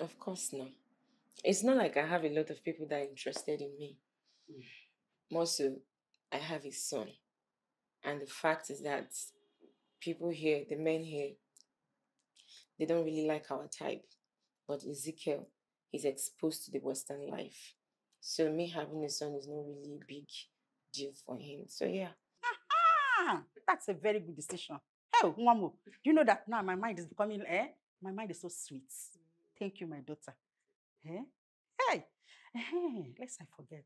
Of course now. It's not like I have a lot of people that are interested in me. Mm. More so, I have a son. And the fact is that people here, the men here, they don't really like our type. But Ezekiel is exposed to the Western life. So me having a son is not really a big deal for him. So yeah. that's a very good decision. Hey, Mwamu, do you know that now my mind is becoming, eh? My mind is so sweet. Thank you, my daughter. Eh? Hey, hey, eh, lest I forget.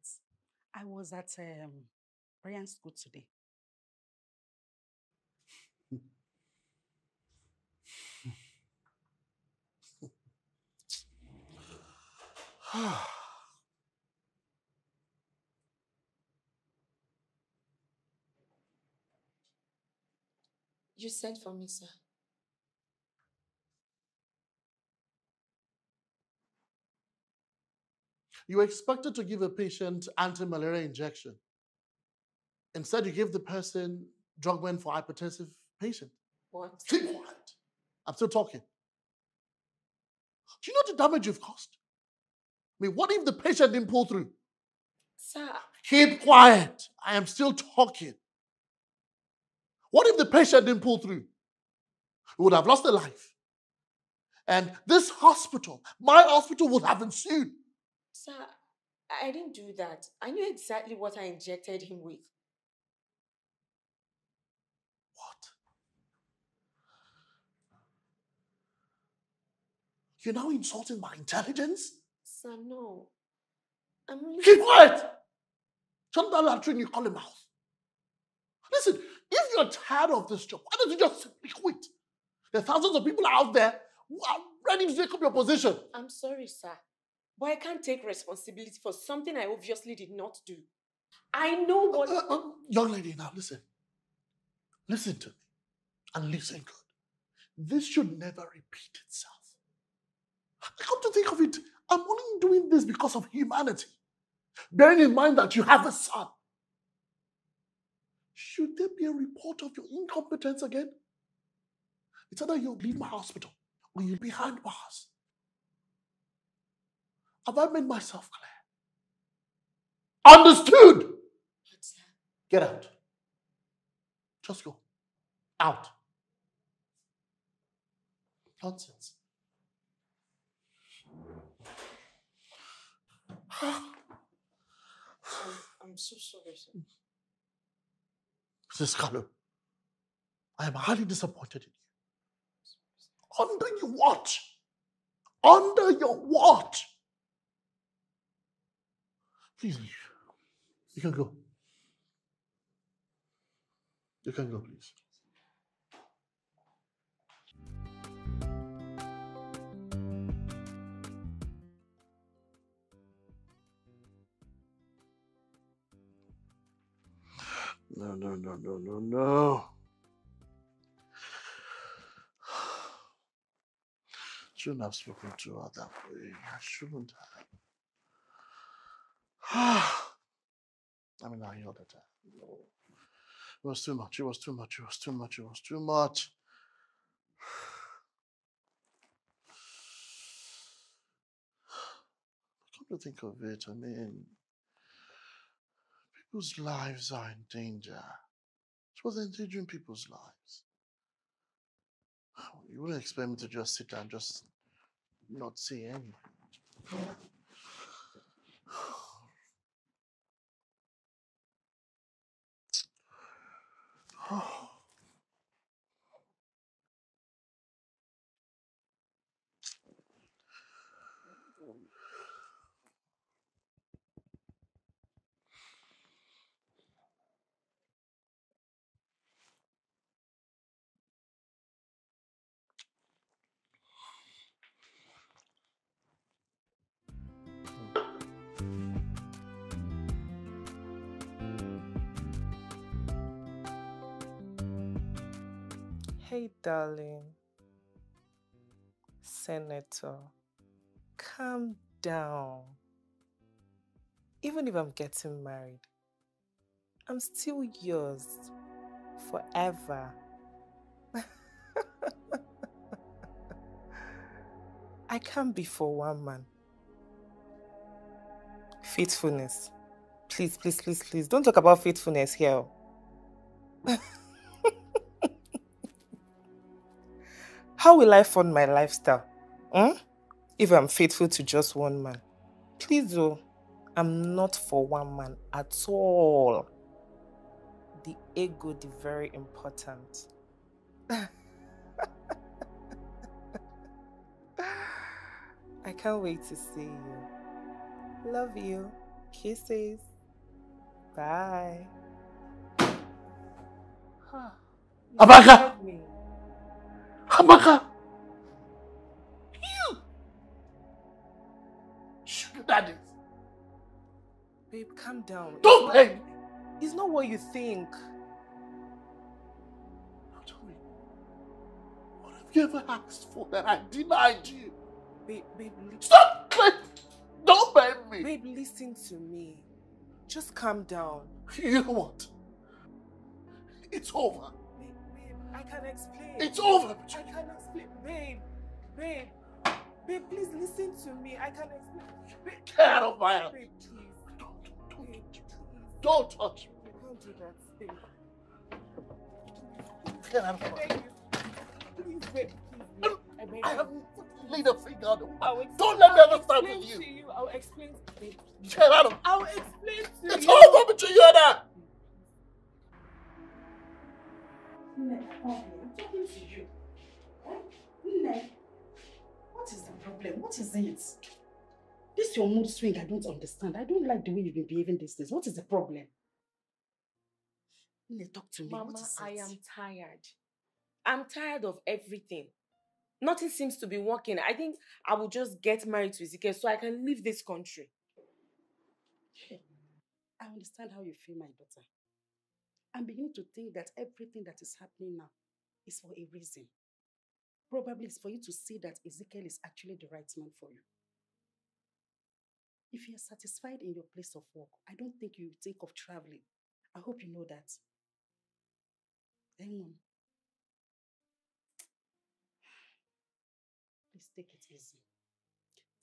I was at um, Ryan school today. you sent for me, sir. You were expected to give a patient anti-malaria injection. Instead, you give the person drug when for hypertensive patient. What? Keep quiet. I'm still talking. Do you know the damage you've caused? I mean, what if the patient didn't pull through? Sir. Keep quiet. I am still talking. What if the patient didn't pull through? We would have lost a life. And this hospital, my hospital, would have ensued. Sir, I didn't do that. I knew exactly what I injected him with. You're now insulting my intelligence? Sir, no. I'm really... Keep quiet! Shut that lecturer and you call him out. Listen, if you're tired of this job, why don't you just simply quit? There are thousands of people out there who are ready to take up your position. I'm sorry, sir, but I can't take responsibility for something I obviously did not do. I know uh, what... Uh, uh, uh, young lady, now listen. Listen to me, and listen good. This should never repeat itself. I come to think of it, I'm only doing this because of humanity. Bearing in mind that you have a son. Should there be a report of your incompetence again? It's either you leave my hospital or you'll be hand bars. Have I made myself clear? Understood? Get out. Just go. Out. Nonsense. I'm so sorry, sir. Mrs. Carlo, I am highly disappointed in you. Under your watch. Under your watch. Please, you can go. You can go, please. No, no, no, no, no, no. Shouldn't have spoken to her that way. I shouldn't have. I mean, I yelled at her. No. It was too much. It was too much. It was too much. It was too much. Come to think of it, I mean, whose lives are in danger. She was endangering people's lives. You wouldn't expect me to just sit and just not see anything. Oh. darling senator, calm down. Even if I'm getting married, I'm still yours forever. I can't be for one man. Faithfulness. Please, please, please, please. Don't talk about faithfulness here. How will I fund my lifestyle? Hmm? If I'm faithful to just one man. Please, oh, I'm not for one man at all. The ego, the very important. I can't wait to see you. Love you. Kisses. Bye. Huh. Habaka. You! Shoot daddy! Babe, calm down. Don't it's beg! Not, it's not what you think. Now tell what have you ever asked for that I denied you? Babe, babe, Stop! Babe. Don't beg me! Babe, listen to me. Just calm down. You know what? It's over can explain. It's over. I can explain. Babe, babe, babe, please listen to me. I can explain. Babe, Get out of my house. Babe, please. Don't, don't, babe, please. don't touch me. Don't do that. Babe. Get out of my house. Please, babe, please. I, I have laid a finger on the Don't let me understand with you. you. I'll explain to you. Get out of I'll explain to it's you. It's over between you and I. Nne, come here. I'm talking to you. Nne, what is the problem? What is it? This your mood swing, I don't understand. I don't like the way you've been behaving these days. What is the problem? Nne, talk to me. Mama, what is it? I am tired. I'm tired of everything. Nothing seems to be working. I think I will just get married to Izike so I can leave this country. I understand how you feel, my daughter. I'm beginning to think that everything that is happening now is for a reason. Probably it's for you to see that Ezekiel is actually the right man for you. If you are satisfied in your place of work, I don't think you think of traveling. I hope you know that. Hang on. Please take it easy.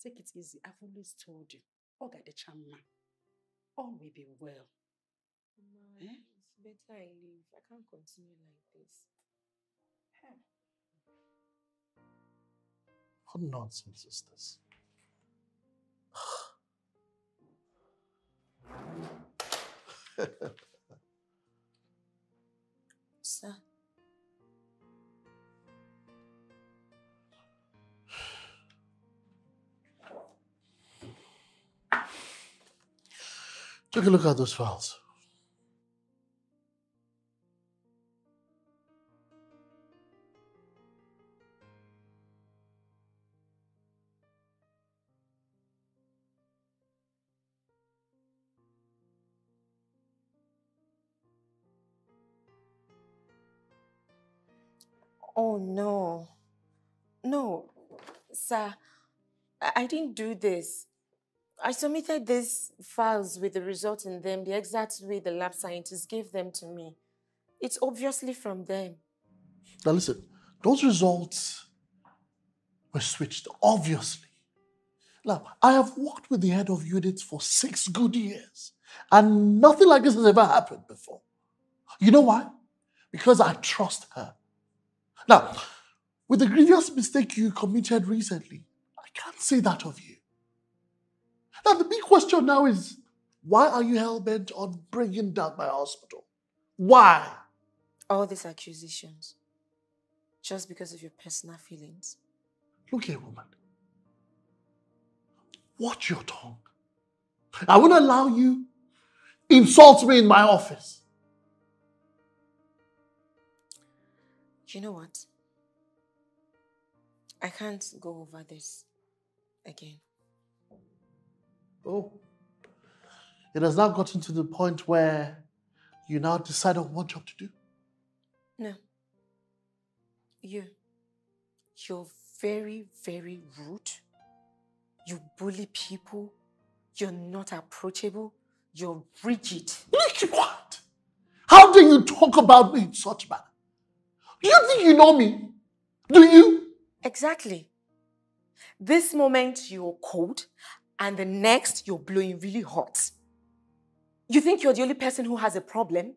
Take it easy. I've always told you, Oga the charm man, all will be well. eh? better I leave. I can't continue like this. What nonsense is this? Sir. Take a look at those files. Oh, no. No, sir. I didn't do this. I submitted these files with the results in them the exact way the lab scientists gave them to me. It's obviously from them. Now listen, those results were switched, obviously. Now, I have worked with the head of units for six good years, and nothing like this has ever happened before. You know why? Because I trust her. Now, with the grievous mistake you committed recently, I can't say that of you. Now, the big question now is why are you hell bent on bringing down my hospital? Why? All these accusations. Just because of your personal feelings. Look here, woman. Watch your tongue. I won't allow you insult me in my office. you know what? I can't go over this again. Oh. It has now gotten to the point where you now decide on what job to do. No. You. You're very, very rude. You bully people. You're not approachable. You're rigid. What? How do you talk about me in such manner? you think you know me? Do you? Exactly. This moment you're cold, and the next you're blowing really hot. You think you're the only person who has a problem?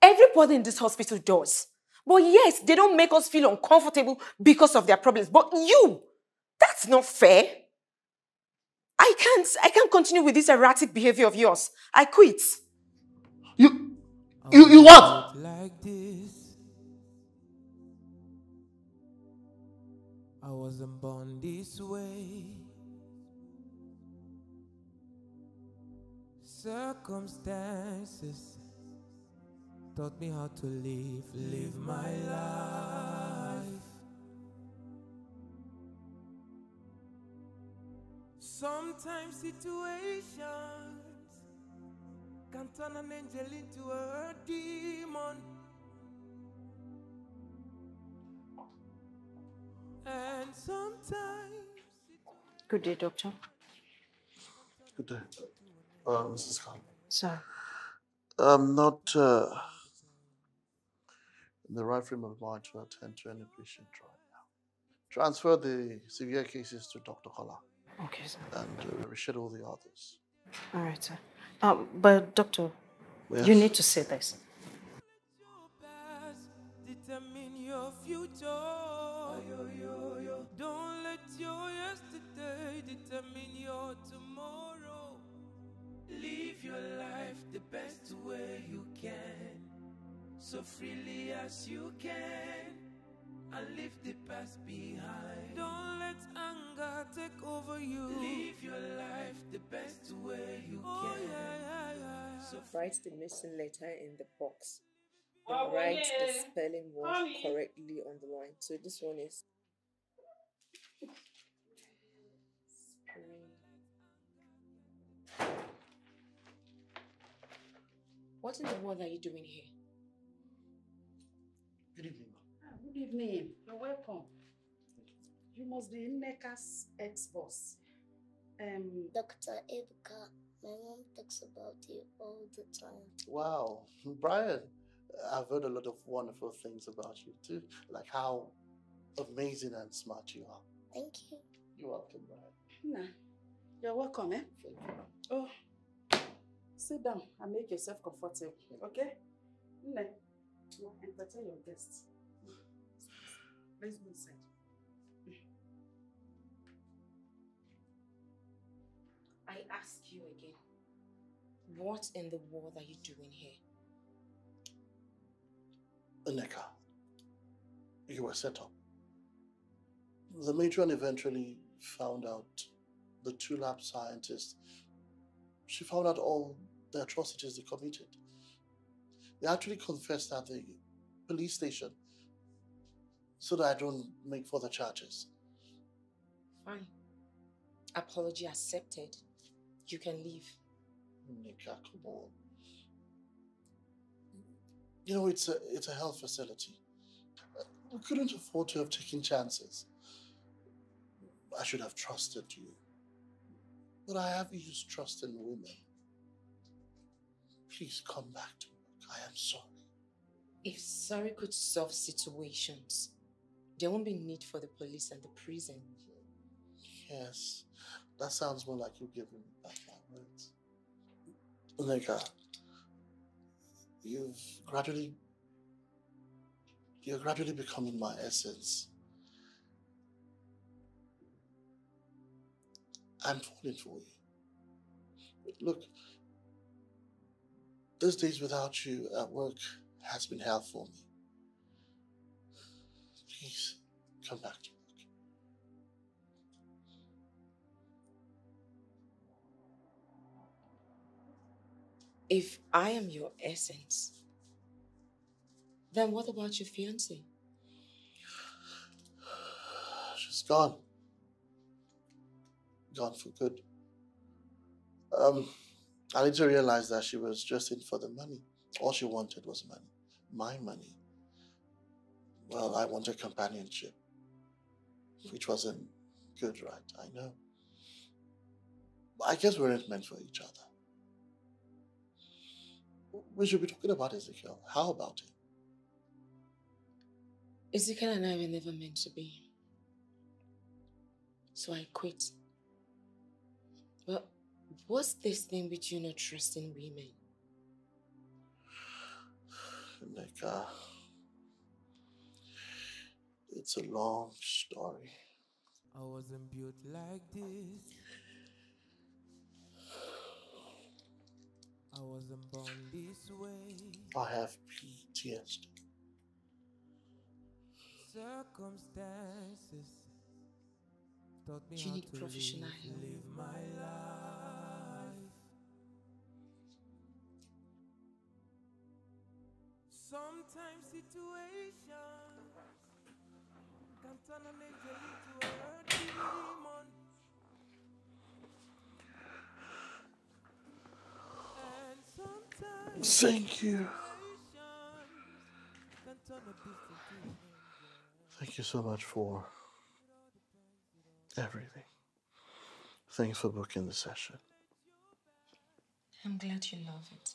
Everybody in this hospital does. But yes, they don't make us feel uncomfortable because of their problems. But you, that's not fair. I can't, I can't continue with this erratic behavior of yours. I quit. You, you, you what? Like this. I wasn't born this way. Circumstances taught me how to live, live my life. Sometimes situations can turn an angel into a demon. And sometimes. Good day, Doctor. Good day, uh, Mrs. Khan. Sir. I'm not uh, in the right frame of mind to attend to any patient right now. Transfer the severe cases to Dr. Kala. Okay, sir. And uh, reschedule the others. All right, sir. Uh, but, Doctor, yes. you need to say this. Let your yesterday determine your tomorrow. Live your life the best way you can, so freely as you can, and leave the past behind. Don't let anger take over you. Live your life the best way you oh, can. Yeah, yeah, yeah. So write the missing letter in the box. and write the spelling word correctly on the line. So this one is what in the world are you doing here? Good evening, Mom. Ah, good evening. You're welcome. You must be Nekas' ex-boss. Um, Dr. Ebuka, my mom talks about you all the time. Wow, Brian, I've heard a lot of wonderful things about you too, like how amazing and smart you are. Thank you. You're welcome, Brad. Nah, you're welcome, eh? Thank you. Oh, sit down and make yourself comfortable, okay? Nne, entertain your guests. Let's go inside. I ask you again, what in the world are you doing here? Aneka, you were set up. The matron eventually found out the two lab scientists. She found out all the atrocities they committed. They actually confessed at the police station so that I don't make further charges. Fine. Apology accepted. You can leave. Nika, come on. You know, it's a, it's a health facility. We couldn't afford to have taken chances. I should have trusted you. But I have used trust in women. Please come back to work. I am sorry. If sorry could solve situations, there won't be need for the police and the prison. Yes, that sounds more like you giving me back my words. Nika, you've gradually, you're gradually becoming my essence. I'm falling for you. Look, those days without you at work has been hell for me. Please come back to work. If I am your essence, then what about your fiancée? She's gone gone for good. Um, I to realized that she was just in for the money. All she wanted was money, my money. Well, I wanted companionship, which wasn't good, right? I know. But I guess we weren't meant for each other. We should be talking about Ezekiel. How about him? Ezekiel and I were never meant to be. So I quit. What's this thing with you not trusting women? Mecca, it's a long story. I wasn't built like this. I wasn't born this way. I have PTSD. Circumstances taught me Genie how to live, live my life. Sometimes situations can turn into a demon. Thank you. Thank you so much for everything. Thanks for booking the session. I'm glad you love it.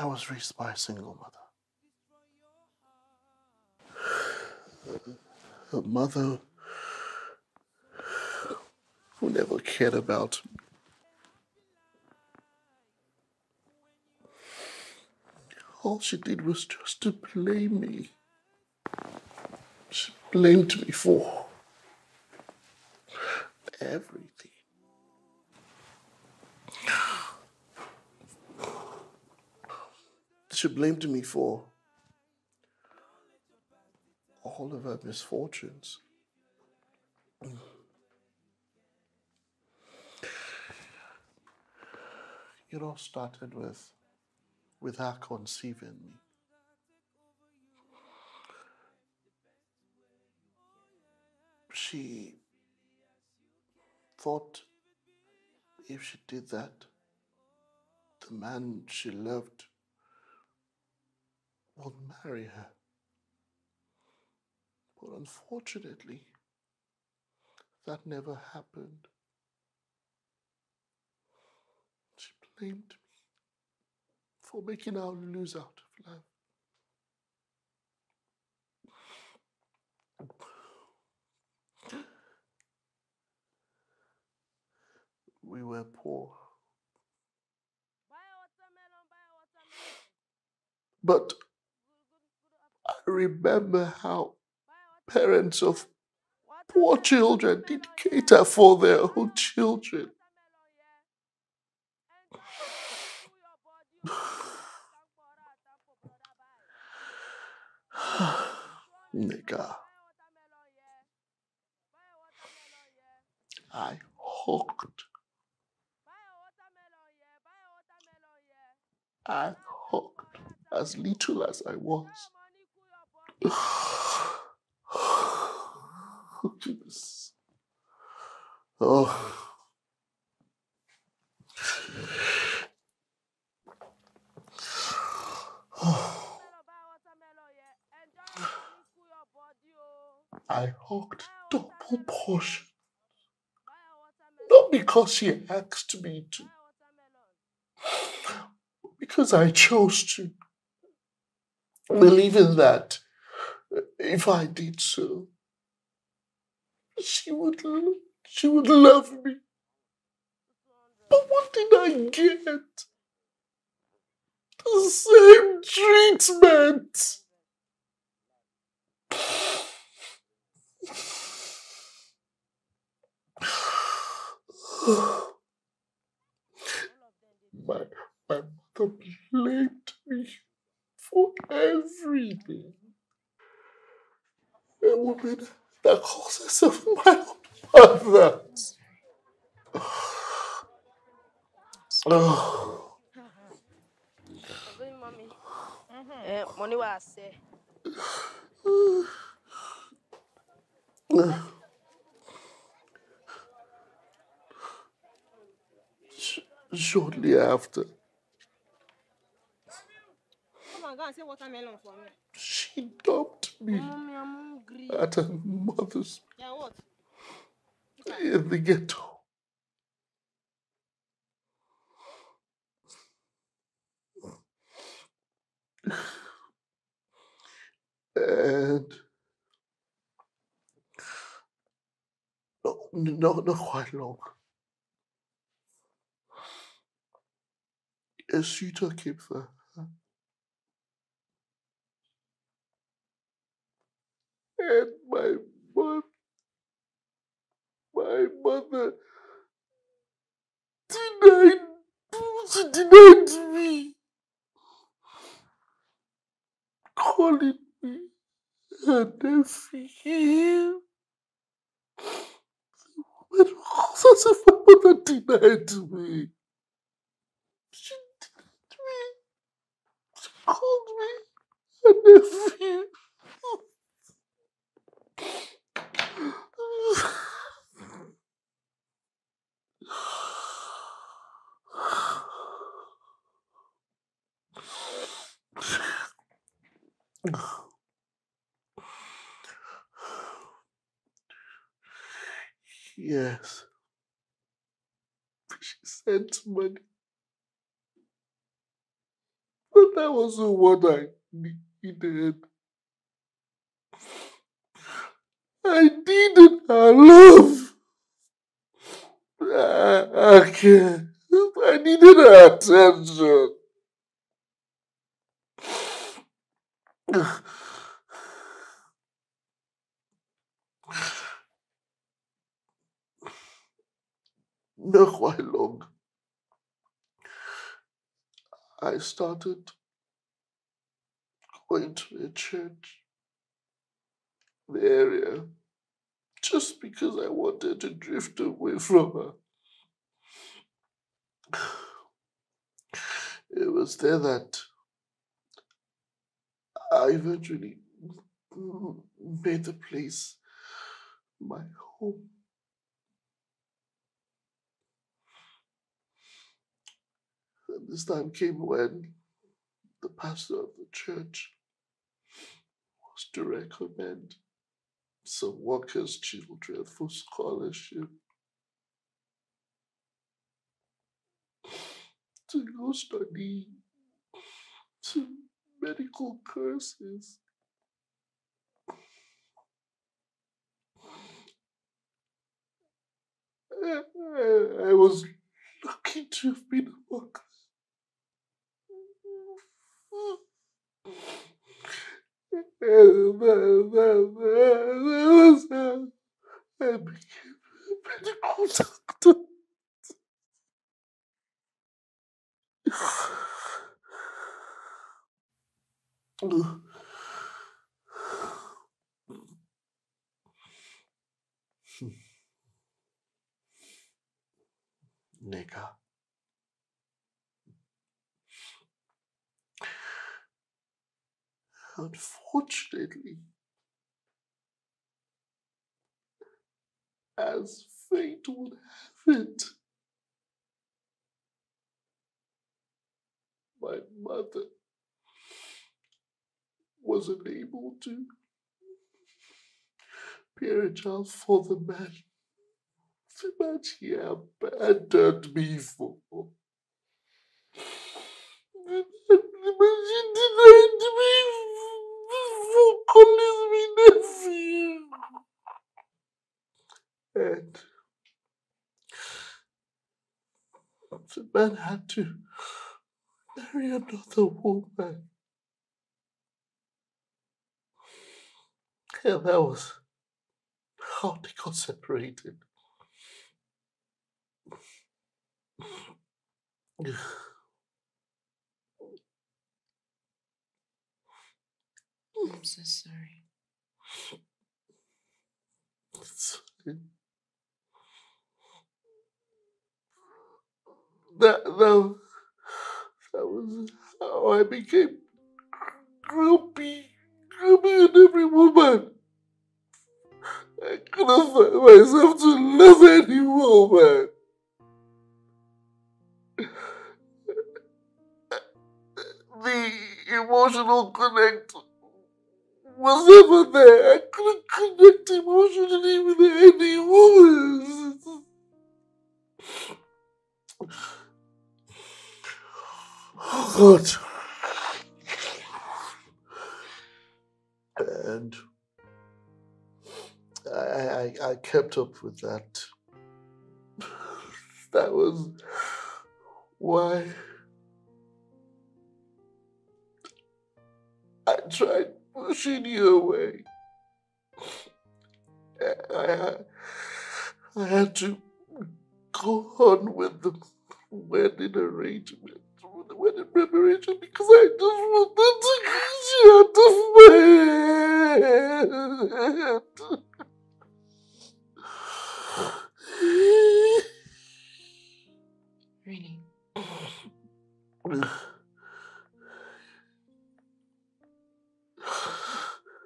I was raised by a single mother. A mother who never cared about me. All she did was just to blame me. She blamed me for everything. she blamed me for all of her misfortunes. It all started with, with her conceiving me. She thought if she did that, the man she loved will marry her. But unfortunately, that never happened. She blamed me for making our lose out of love. We were poor. But remember how parents of poor children did cater for their own children. Nigga. I hooked. I hooked as little as I was. oh, goodness. Oh. oh. I hooked double portion. Not because she asked me to, because I chose to. Believe in that if I did so, she would, she would love me. But what did I get? The same treatment. my, my mother blamed me for everything. it will be the causes of my mother. Oh. Good Mm-hmm. Eh, money was say. Shortly after. Come on, go and say watermelon for me. He dumped me at a mother's. In the ghetto. and not not quite long. A suitor came there. and my mother, my mother denied, she denied me, calling me her nephew. But as a my mother denied me. She denied me. She called me her nephew. Yes. She sent money. But that wasn't what I needed. I needed not love. I, can't. I needed her attention. Not quite long. I started going to a church the area just because I wanted to drift away from her. It was there that I eventually made the place my home. And this time came when the pastor of the church was to recommend some workers' children for scholarship. To go study to medical courses. I, I was lucky to have been a worker. contato. Nega. Unfortunately, as fate would have it, my mother wasn't able to bear a child for the man that he abandoned me for. And the man had to marry another woman. And that was how they got separated. I'm so sorry. That, that, that was how I became grumpy, grumpy in every woman. I couldn't find myself to love any woman. The emotional connect was ever there. I couldn't connect emotionally with any woman. Oh God. And I, I, I kept up with that. That was why I tried pushing you away. I, I, I had to go on with the wedding arrangement, with the wedding preparation, because I just wanted to get you out of my head. Really?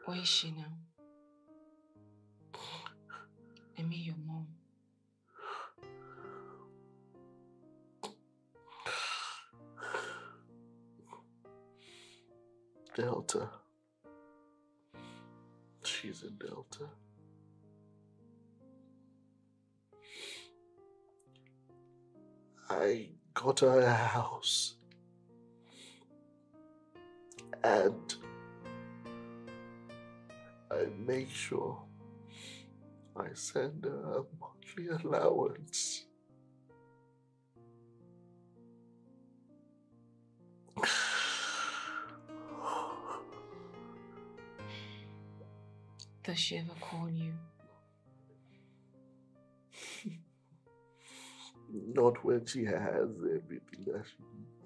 Where is she now? I mean your mom. Delta. She's in Delta. I got her a house. And I make sure I send her a monthly allowance. Does she ever call you? Not when she has everything that she needs.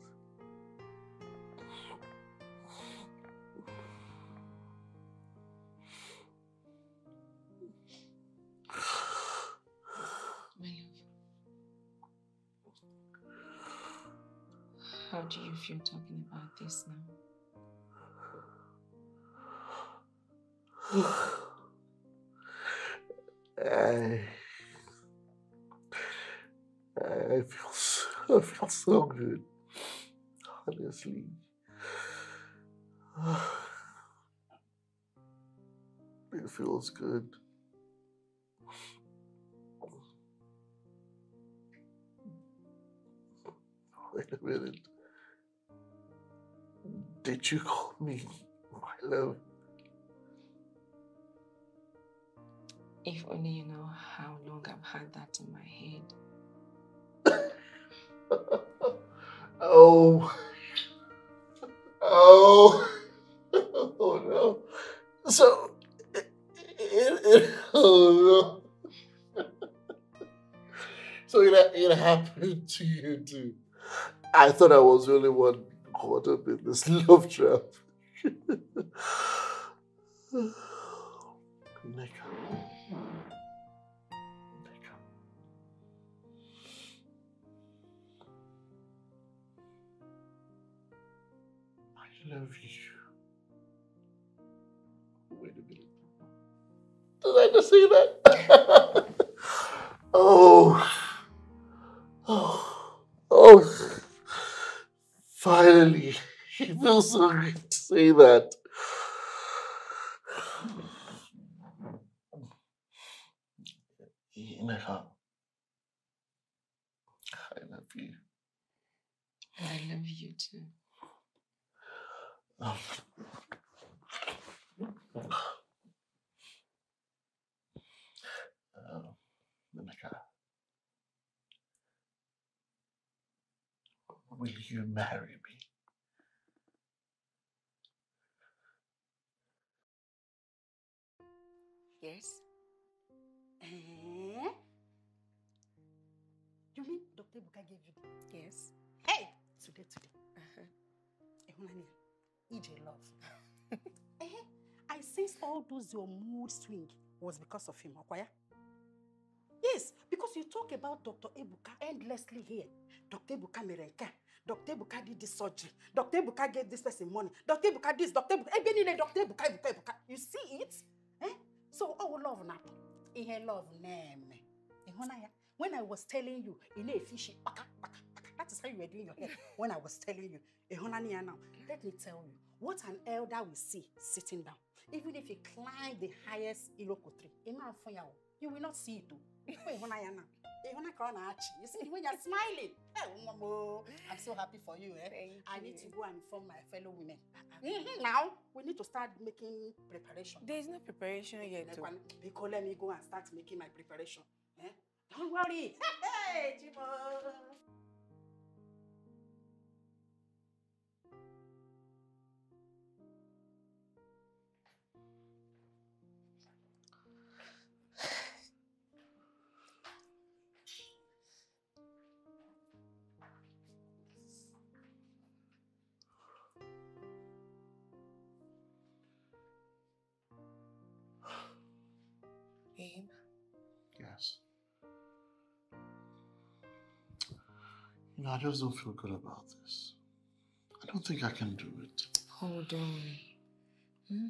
you're talking about this now. I, I feel so, I feel so good, honestly. It feels good. Wait a minute. Did you call me my love? If only you know how long I've had that in my head. oh. Oh. Oh no. So. It, it, oh no. so it, it happened to you too. I thought I was the only one caught up in this love trap. Nick. Nick. I love you. Wait a minute. Did I just see that? oh. Oh. Oh. Finally, it feels so good to say that. My heart. I love you. I love you too. Um. Um, Ineka. Will you marry me? Yes. Eh? You mean Dr. Ibuka gave you Yes. Hey! Today, today. Uh-huh. Ije love. eh? I sense all those your mood swing was because of him, Akwaya. Yes, because you talk about Dr. Ebuka endlessly here. Dr. Ebuka mere Dr. Ebuka did this surgery. Dr. Ebuka gave this person money. Dr. Ebuka this, Dr. Ebuka, ebe niile Dr. Ebuka, Ebuka, Ebuka. You see it? Eh? So, oh, love na ihe love name. Ihona ya. When I was telling you, ine fishy, baka, baka, baka. That is how you were doing your hair when I was telling you. Ihona niya now. Let me tell you, what an elder will see sitting down, even if he climb the highest Iloko tree, ina afọ ya you will not see it o. ya now you see the way you're smiling oh, I'm so happy for you eh? Thank I you. need to go and inform my fellow women uh-uh. mm-hmm. now we need to start making preparation there is no preparation yet Be oh. let me go and start making my preparation eh? don't worry hey, No, I just don't feel good about this. I don't think I can do it. Hold on. Hmm?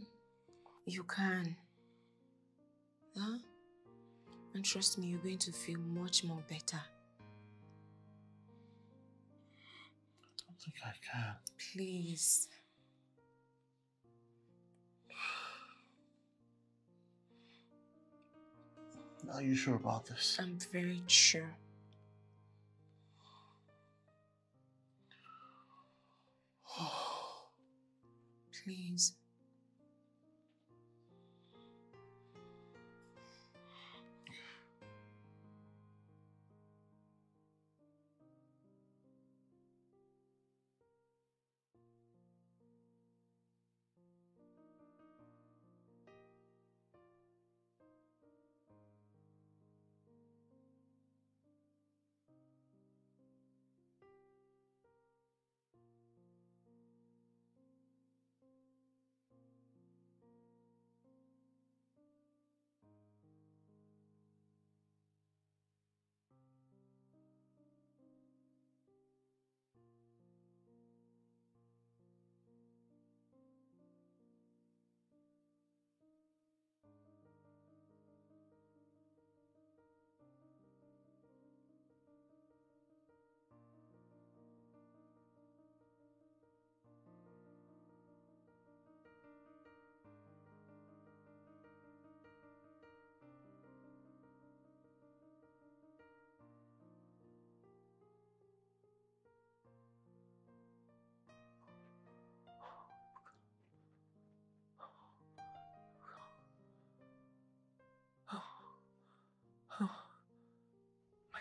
You can. Huh? And trust me, you're going to feel much more better. I don't think I can. Please. Are you sure about this? I'm very sure. please.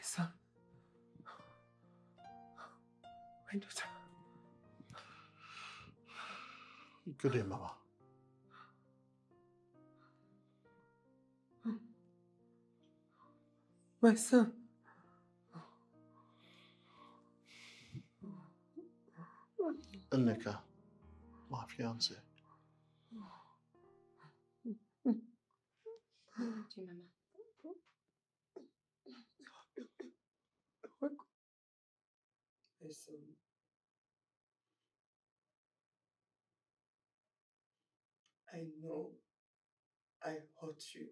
Son, さん。Window Good day, Mama. My son. Annika, my fiance. Do you remember? person I know I hurt you.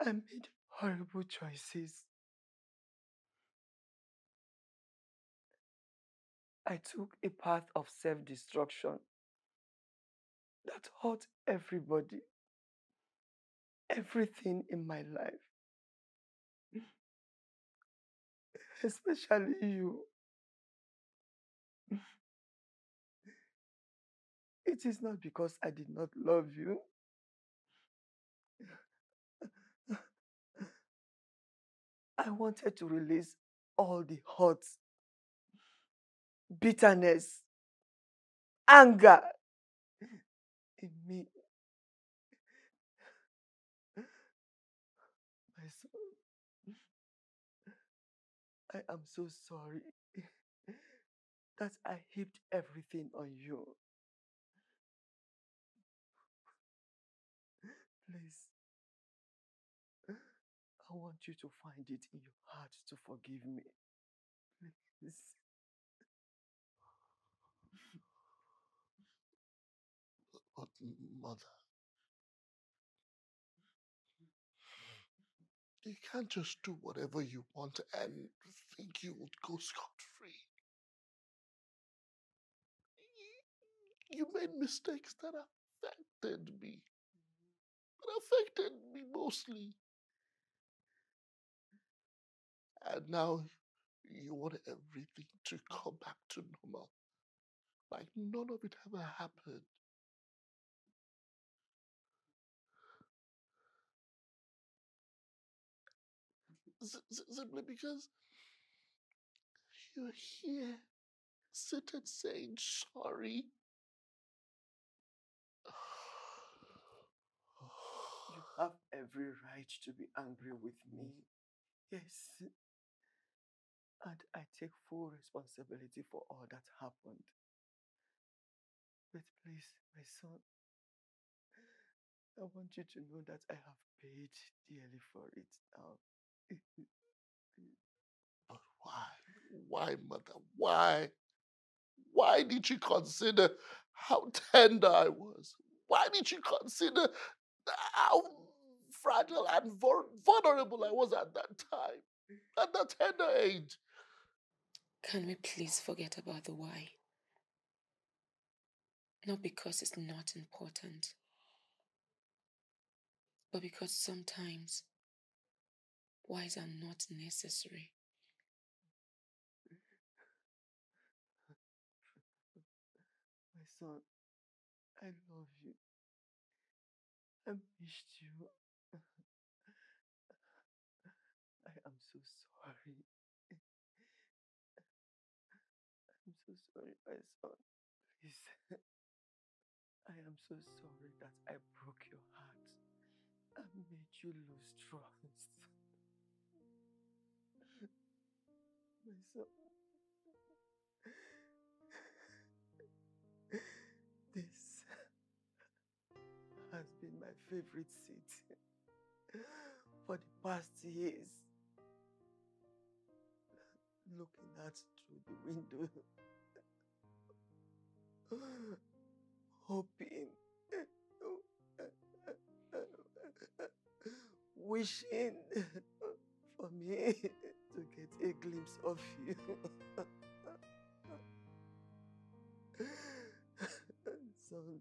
I made horrible choices. I took a path of self-destruction that hurt everybody, everything in my life. especially you. It is not because I did not love you. I wanted to release all the hurt, bitterness, anger in me. I am so sorry that I heaped everything on you. Please, I want you to find it in your heart to forgive me. Please. But, mother, You can't just do whatever you want and think you will go scot free. You made mistakes that affected me. That affected me mostly. And now you want everything to come back to normal. Like none of it ever happened. simply because you're here, sit and saying sorry. You have every right to be angry with me. Yes. And I take full responsibility for all that happened. But please, my son, I want you to know that I have paid dearly for it now. But why? Why, mother? Why? Why did you consider how tender I was? Why did you consider how fragile and vulnerable I was at that time, at that tender age? Can we please forget about the why? Not because it's not important, but because sometimes Wives are not necessary. My son, I love you. I missed you. I am so sorry. I'm so sorry, my son. Please. I am so sorry that I broke your heart and made you lose trust. favorite seat for the past years. Looking out through the window, hoping, wishing for me to get a glimpse of you. Someday.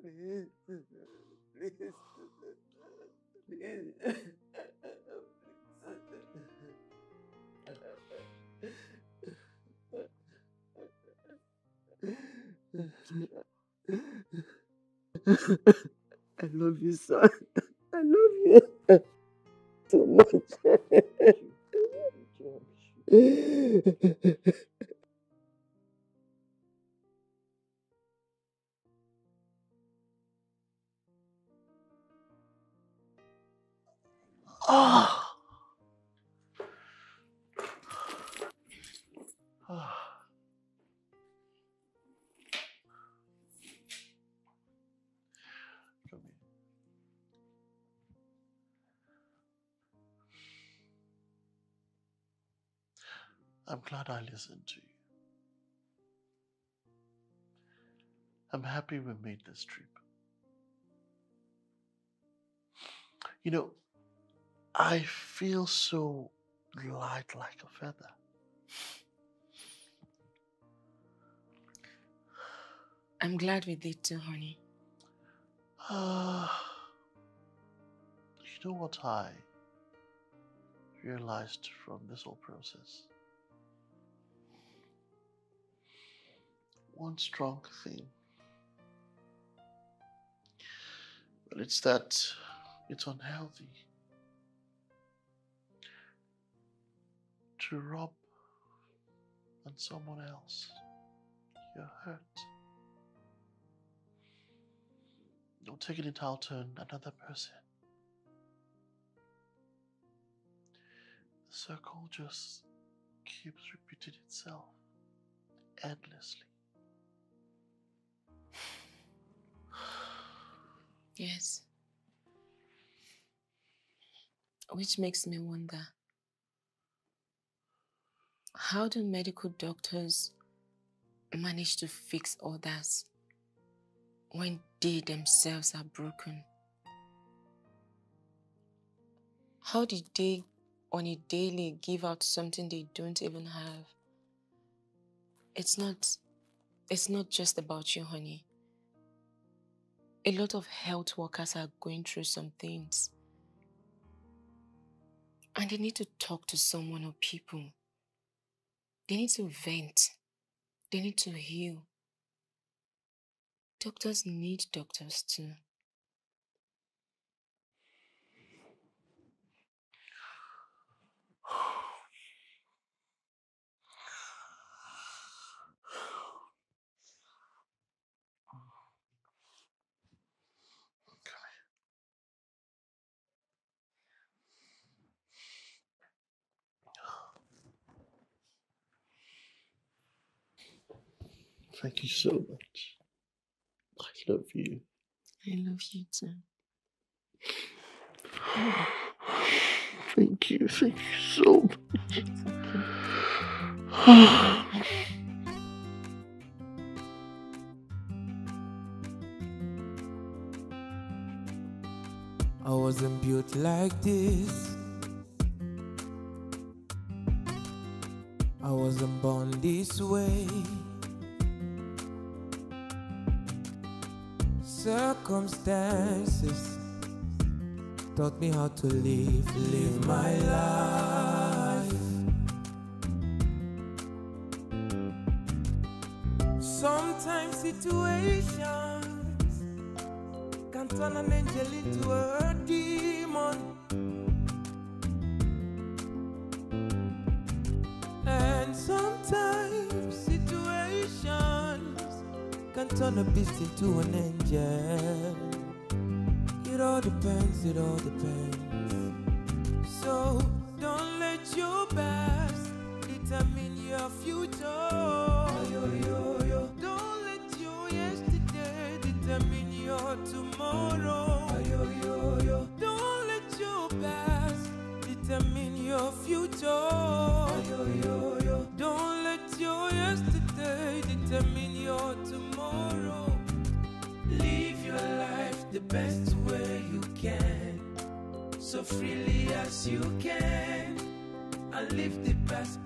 Please. Please. Please. I love you, son. I love you too much. Oh. I'm glad I listened to you. I'm happy we made this trip. You know, I feel so light like a feather. I'm glad we did too, honey. Uh, you know what I realized from this whole process? One strong thing. But it's that it's unhealthy to rob, on someone else you're hurt. You'll take it into out turn another person. The circle just keeps repeating itself endlessly. Yes. Which makes me wonder how do medical doctors manage to fix others when they themselves are broken? How did they on a daily give out something they don't even have? It's not, it's not just about you, honey. A lot of health workers are going through some things. And they need to talk to someone or people. They need to vent. They need to heal. Doctors need doctors too. Thank you so much. I love you. I love you too. Thank you. Thank you so much. I wasn't built like this. I wasn't born this way. Circumstances taught me how to live, live my life. Sometimes situations can turn an angel into a demon. can turn a beast into an angel. It all depends, it all depends. So don't let your past determine your future. best way you can, so freely as you can, and live the best.